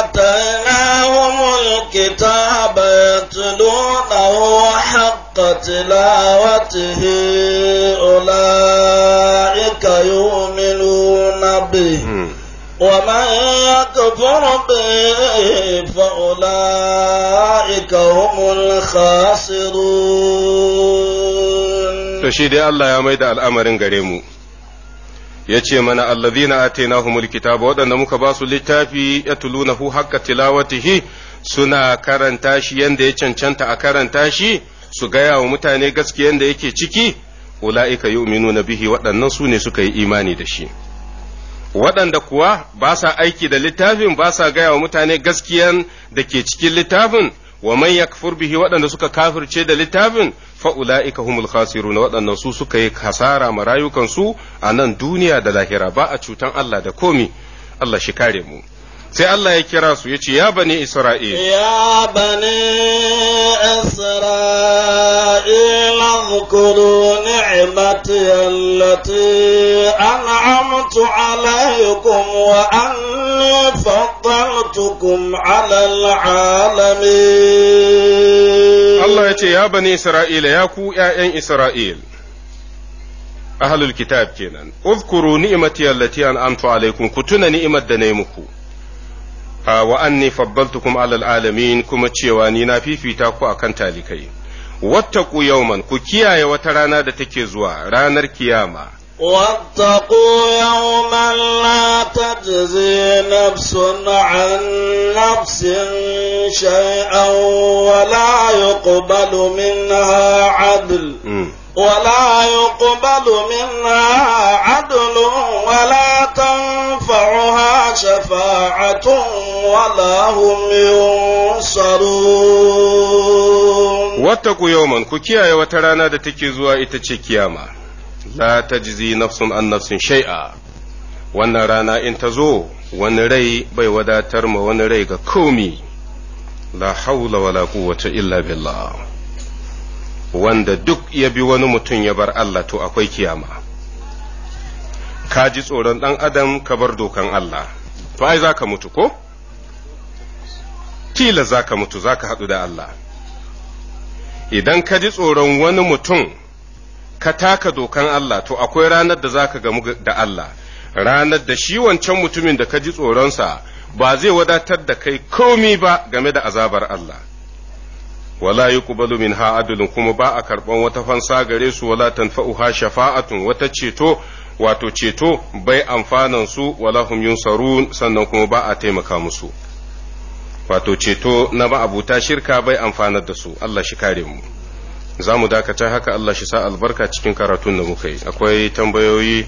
atainahumul kitaba yatlunahu haqqa tilawatihi ulaika yu'minuna bihi ومن يكفر به فأولئك هم الخاسرون to shi dai Allah ya mai da al'amarin gare mu ya ce mana allazina atainahumul kitaba waɗanda muka ba su littafi yatlunahu haqqa tilawatihi suna karanta shi yanda ya cancanta a karanta shi su gaya wa mutane gaskiyan da yake ciki ula'ika yu'minuna bihi waɗannan su ne suka yi imani da shi waɗanda kuwa ba sa aiki da littafin ba sa gaya wa mutane gaskiyan da ke cikin littafin wa man yakfur bihi waɗanda suka kafirce da littafin fa ulaika humul khasirun waɗannan su suka yi hasara ma rayukansu a nan duniya da lahira ba a cutan Allah da komi Allah shi kare mu sai Allah ya kira su ya ce ya bani Isra'il. Ya bani Isra'il zukuru ni'imati allati an'amtu alaikum wa anni faddaltukum alal alamin. Allah ya ce ya bani Isra'il ya ku ‘ya'yan Isra'il. Ahalul kitab kenan, uzkuru ni'imati allati an'amtu alaikum ku tuna ni'imar da na yi muku. Ah, wa anni faddaltukum alal alamin kuma cewa ni na fifita ku akan talikai wattaqu yawman ku kiyaye wata rana da take zuwa ranar kiyama واتقوا يوما لا تجزي نفس عن نفس شيئا ولا يقبل منها عدل ولا يقبل منها عدل ولا تنفعها شفاعة ولا هم ينصرون واتقوا يوما كوكيا وترانا دا تكيزوا إتشي كياما لا تجزي نفس عن نفس شيئا wannan rana in ta zo wani rai bai wadatar ma wani rai ga komi la haula wala quwwata illa billah wanda duk ya bi wani mutum ya bar Allah to akwai kiyama ka ji tsoron ɗan adam ka bar dokan Allah to ai za ka mutu ko kila za ka mutu za ka haɗu da Allah idan ka ji tsoron wani mutum ka taka dokan Allah to akwai ranar da za ka gamu da Allah ranar da shi wancan mutumin da ka ji tsoronsa ba zai wadatar da kai komi ba game da azabar Allah wala yuqbalu minha adlun kuma ba a karban wata fansa gare su wala tanfa'uha shafa'atun wata ceto wato ceto bai amfanan su wala hum yunsarun sannan kuma ba a taimaka musu wato ceto na ma'abuta shirka bai amfanar da su Allah shi kare mu za mu dakata haka Allah shi sa albarka cikin karatun da muka yi akwai tambayoyi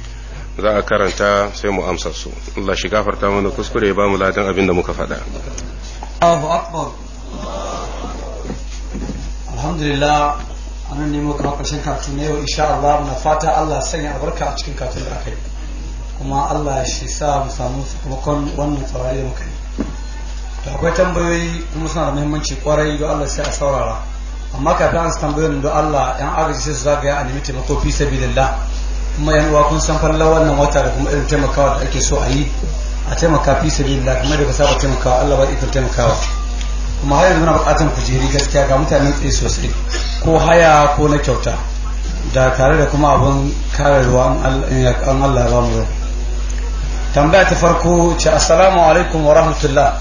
za a karanta sai mu amsa su Allah shi gafarta mana kuskure ba mu ladan abin da muka faɗa Allahu akbar alhamdulillah anan nan nemo kuma ƙarshen katu na yau insha Allah na fata Allah sanya albarka a cikin katun da aka yi kuma Allah shi sa mu samu sakamakon wannan saurari da muka yi to akwai tambayoyi kuma suna da muhimmanci kwarai don Allah sai a saurara amma kafin an tambayoyin don Allah yan agaji sai su zagaya a nemi taimako fi sabilillah kuma yan uwa kun san falla wannan wata da kuma irin taimakawa da ake so a yi a taimaka fi sabilillah kuma da ka saba taimakawa Allah ba ikon taimakawa kuma haya yanzu bukatar kujeri gaskiya ga mutane tsaye sosai ko haya ko na kyauta da tare da kuma abin kare ruwan an Allah ba mu yau tambaya ta farko ce assalamu alaikum wa rahmatullah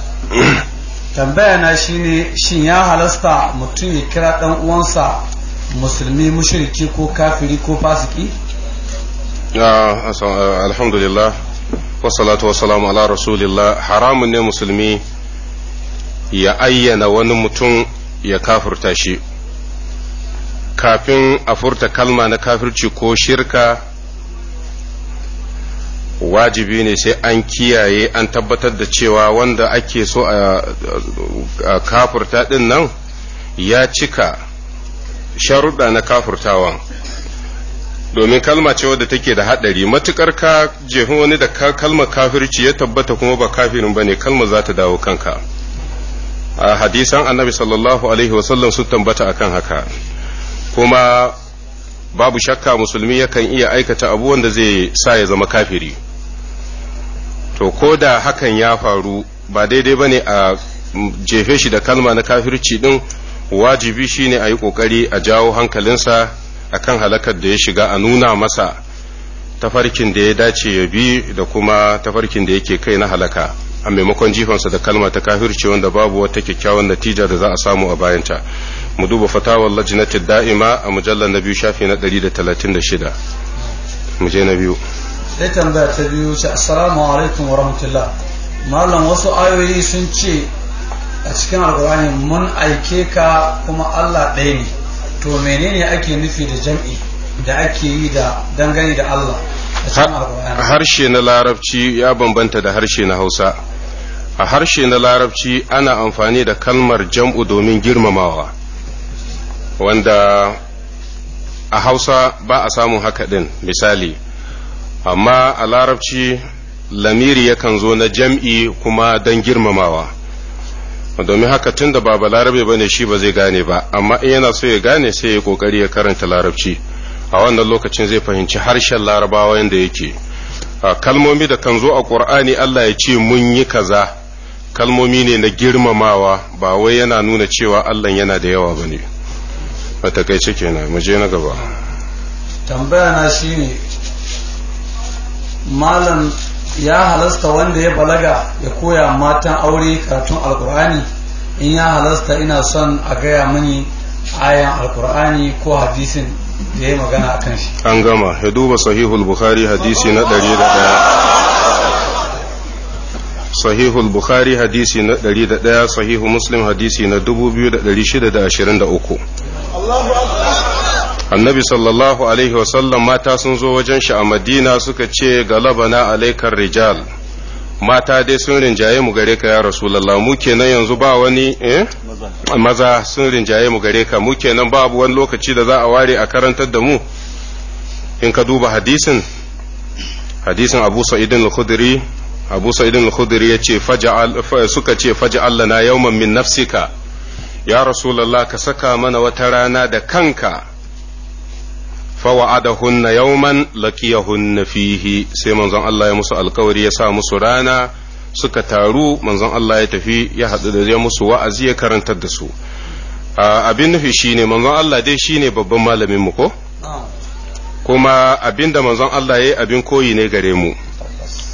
tambaya na shine shin ya halasta mutum ya kira dan uwansa musulmi mushriki ko kafiri ko fasiki alhamdulillah wassalatu wassalamu ala rasulillah haramun ne musulmi ya ayyana wani mutum ya kafurta shi kafin a furta kalma na kafirci ko shirka wajibi ne sai an kiyaye an tabbatar da cewa wanda ake so a kafurta din nan ya cika sharuɗa na kafurtawan domin kalma ce wadda take da haɗari matuƙar ka jefi wani da kalmar kafirci ya tabbata kuma ba kafirin ba ne kalmar za ta dawo kanka A hadisan annabi sallallahu alaihi wasallam sun tambata akan haka kuma babu shakka musulmi yakan iya aikata abu wanda zai sa ya zama kafiri to ko da hakan ya faru ba daidai ba ne a jefe shi da kalma na kafirci din wajibi shine a yi kokari a jawo hankalinsa akan halakar da ya shiga a nuna masa tafarkin da ya dace ya bi da kuma tafarkin da yake kai na halaka a maimakon jifansa da kalma ta kafirci wanda babu wata kyakkyawan natija da za a samu a bayanta mu duba fatawar lajinati da'ima a mujallar na biyu shafi na 136 mu je na biyu sai tambaya ta biyu ce assalamu alaikum wa rahmatullah mallam wasu ayoyi sun ce a cikin alkur'ani mun aike ka kuma Allah ɗaya ne to menene ake nufi da jam'i da ake yi da dangane da Allah harshe na larabci ya bambanta da harshe na hausa a harshe na larabci ana amfani da kalmar jam'u domin girmamawa wanda a hausa ba a samun haka ɗin misali amma a larabci lamiri yakan zo na jam'i kuma don girmamawa domin haka tun da ba Larabe ba ne shi ba zai gane ba amma in yana so ya gane sai ya kokari ya karanta larabci a wannan lokacin zai fahimci harshen larabawa yadda yake kalmomi da kan zo a ƙur'ani allah ya ce mun yi kaza kalmomi ne na girmamawa ba wai yana nuna cewa Allah yana da yawa ba ne takaice kenan mu je na gaba tambaya na ne malam ya halasta wanda ya balaga ya koya matan aure karatun alkur'ani in ya halasta ina son a gaya mini ayan alkur'ani ko hadisin da ya magana a kan shi an gama ya duba sahihul bukhari hadisi na 101 sahihul bukhari hadisi na 101 sahihu muslim hadisi na 2623 annabi sallallahu alaihi wasallam mata sun zo wajen shi a madina suka ce galabana laikar rijal mata dai sun rinjaye mu gare ka ya rasulallah mu kenan yanzu ba wani eh? maza sun rinjaye mu gare ka mu kenan babu wani lokaci da za a ware a karantar da mu in ka duba hadisin hadisin abu sa'idin al abu sa'idin khudri ya ce suka ce faji Allah na yawman min nafsika ya rasulallah ka saka mana wata rana da kanka fawa'adahunna yawman laqiyahunna fihi sai manzon Allah ya musu alkawari ya sa musu rana suka taru manzon Allah ya tafi ya haɗu da ya musu wa'azi ya karantar da su abin nufi shine manzon Allah dai shine babban malamin mu ko kuma abin da manzon Allah ya yi abin koyi ne gare mu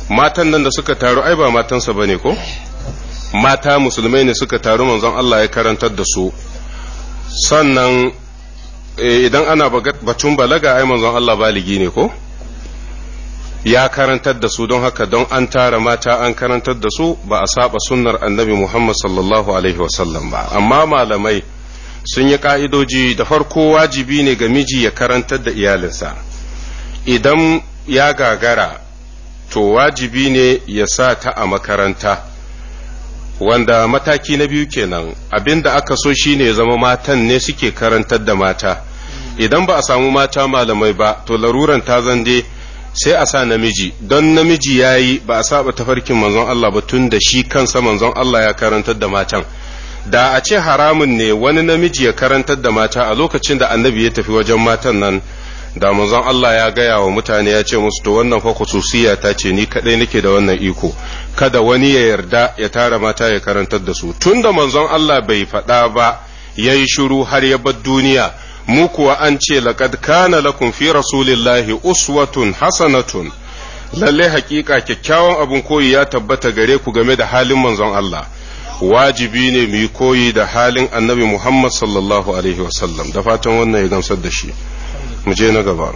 matan nan da suka taru ai ba matansa bane ko mata musulmai ne suka taru manzon Allah ya karantar da su sannan eh, idan ana batun balaga ai manzon Allah baligi ne ko ya karantar da su don haka don an tara mata an karantar da su ba a saba sunnar annabi Muhammad sallallahu alaihi wasallam ba amma malamai sun yi ka'idoji da farko wajibi ne ga miji ya karantar da iyalinsa idan ya gagara to wajibi ne ya sa ta a makaranta wanda mataki na biyu kenan abinda aka so shine ya zama matan ne suke karantar da mata idan ba a samu mata malamai ba to laruran ta zande sai a sa namiji don namiji ya yi ba a saba tafarkin manzon Allah ba tun da shi kansa manzon Allah ya karantar da matan da a ce haramun ne wani namiji ya karantar da mata a lokacin da annabi ya tafi wajen matan nan da manzon Allah ya gaya wa mutane ya ce musu to wannan fa khususiyya ta ce ni kadai nake da wannan iko kada wani ya yarda ya tara mata ya karantar da su tunda manzon Allah bai faɗa ba yayi shiru har ya bar duniya mu kuwa an ce laqad kana lakum fi rasulillahi uswatun hasanatun lalle hakika kyakkyawan abun koyi ya tabbata gare ku game da halin manzon Allah wajibi ne mu koyi da halin annabi Muhammad sallallahu alaihi wasallam da fatan wannan ya gamsar da shi mu je na gaba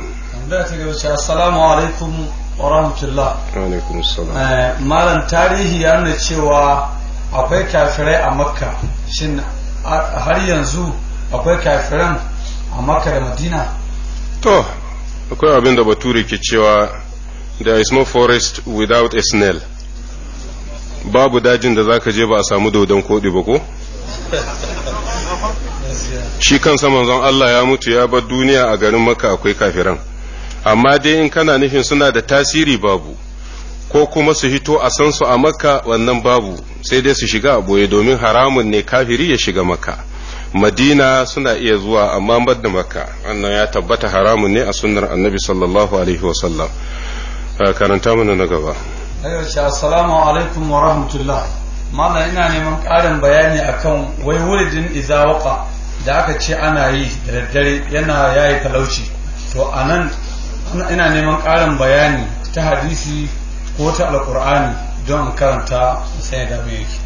da ta gaba ce assalamu alaikum wa rahmatullah alaikum assalam eh, malam tarihi ya nuna cewa akwai kafirai a makka shin har yanzu akwai kafiran a makka da madina to akwai abin da bature ke cewa there is no forest without a snail babu dajin da zaka je ba a samu dodon koɗi ba ko shi kansa manzon Allah ya mutu ya bar duniya a garin maka akwai kafiran amma dai in kana nufin suna da tasiri babu ko kuma su hito a san su a makka wannan babu sai dai su shiga a boye domin haramun ne kafiri ya shiga makka madina suna iya zuwa amma bar da makka wannan ya tabbata haramun ne a sunnar annabi sallallahu alaihi wasallam karanta mana na gaba assalamu alaikum wa rahmatullah mala ina neman ƙarin bayani akan wai wuridin izawaka da aka ce ana yi da daddare yana yayi talauci to a nan ina neman ƙarin bayani ta hadisi ko ta alƙur'ani don karanta sai da yake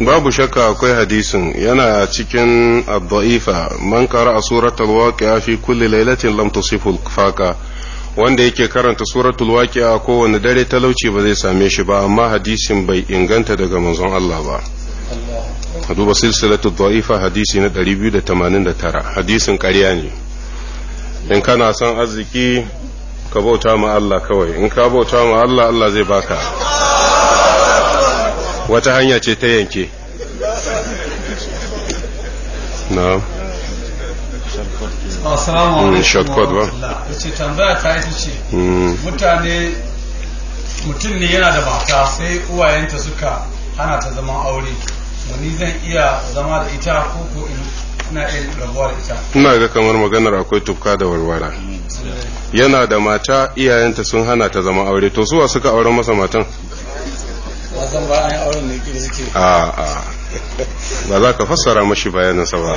babu shakka akwai hadisin yana cikin da'ifa man a suratul waqi'a fi kulli lailatin lam tusifu faqa wanda yake karanta suratul waqi'a kowane dare talauci ba zai same shi ba amma hadisin bai inganta daga manzon Allah ba duba silsilatu dha'ifa hadisi na 289 hadisin ƙarya ne in kana son arziki ka bauta ma Allah kawai in ka bauta ma Allah Allah zai baka wata hanya ce ta yanke na'am oh, assalamu hmm, alaikum shortcut ba ce ta ita ce hmm. mutane mutum ne yana da mata sai uwayenta suka hana ta zaman aure ni zan iya zama da ita ko ko ina iya rabuwa da ita ina ga kamar maganar akwai tufka da warwara yana da mata iyayenta sun hana ta zama aure to suwa suka auren masa matan wazan ba an auren ne kiri suke a a ba za ka fassara mashi sa ba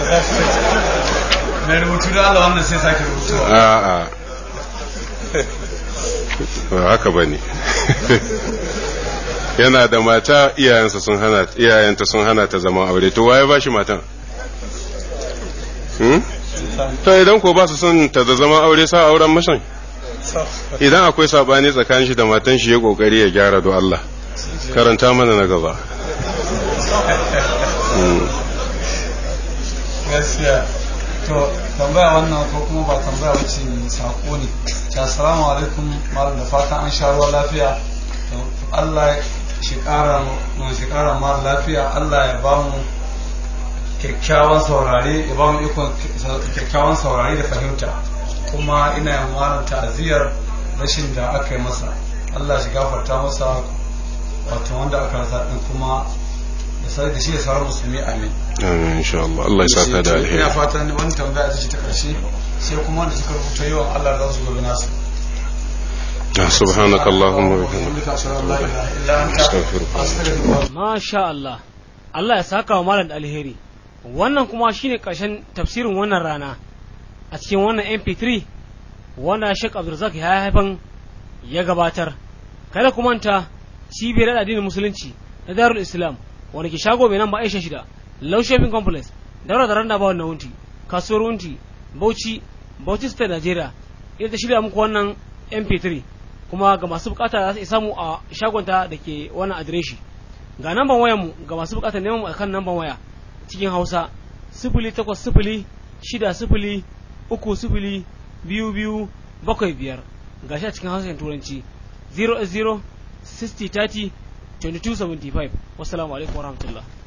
mai rubutu da Allah wannan sai sake rubutu. a a ba haka ba ne yana da mata iyayensa sun hana iyayenta sun hana ta zaman aure to waye ba shi matan hmm? to idan ko ba su son ta da zaman aure sa auren mashan idan akwai sabani tsakanin shi da matan shi ya kokari ya gyara do Allah karanta mana na gaba hmm. gaskiya to tambaya wannan ko kuma ba tambaya wace sako ne assalamu alaikum malam da fatan an sha ruwa lafiya Allah shi ƙara ma lafiya Allah ya ba mu kyakkyawan saurare ya ba mu ikon kyakkyawan saurare da fahimta kuma ina yin malam ta'aziyar rashin da aka yi masa Allah shi gafarta masa wato wanda aka rasa kuma da sai da shi ya sauran musulmi amin amin insha Allah Allah ya saka da alheri ina fatan wani tambaya ita ce ta karshe sai kuma wanda suka rubuta yawan Allah za su gobe nasu سبحانك اللهم وبحمدك ما شاء الله Allah ya saka wa malam alheri wannan kuma shine karshen tafsirin wannan rana a cikin wannan mp3 wanda Sheikh Abdulrazak ya haifan ya gabatar kada ku manta cibiyar addinin musulunci na Darul Islam wanda ke shago mai nan ba Aisha shida Low Shopping Complex daura da randa ba wannan wunti kasuwar wunti Bauchi Bauchi State Nigeria ita shirya muku wannan mp3 kuma ga masu bukata za su mu a shagonta da ke wannan adireshi ga namban mu ga masu bukata neman a kan namban waya cikin hausa sifili takwas sifili shida sifili uku sifili biyu biyu bakwai biyar ga shi a cikin hausa turanci 0 0 60 alaikum warahmatullahi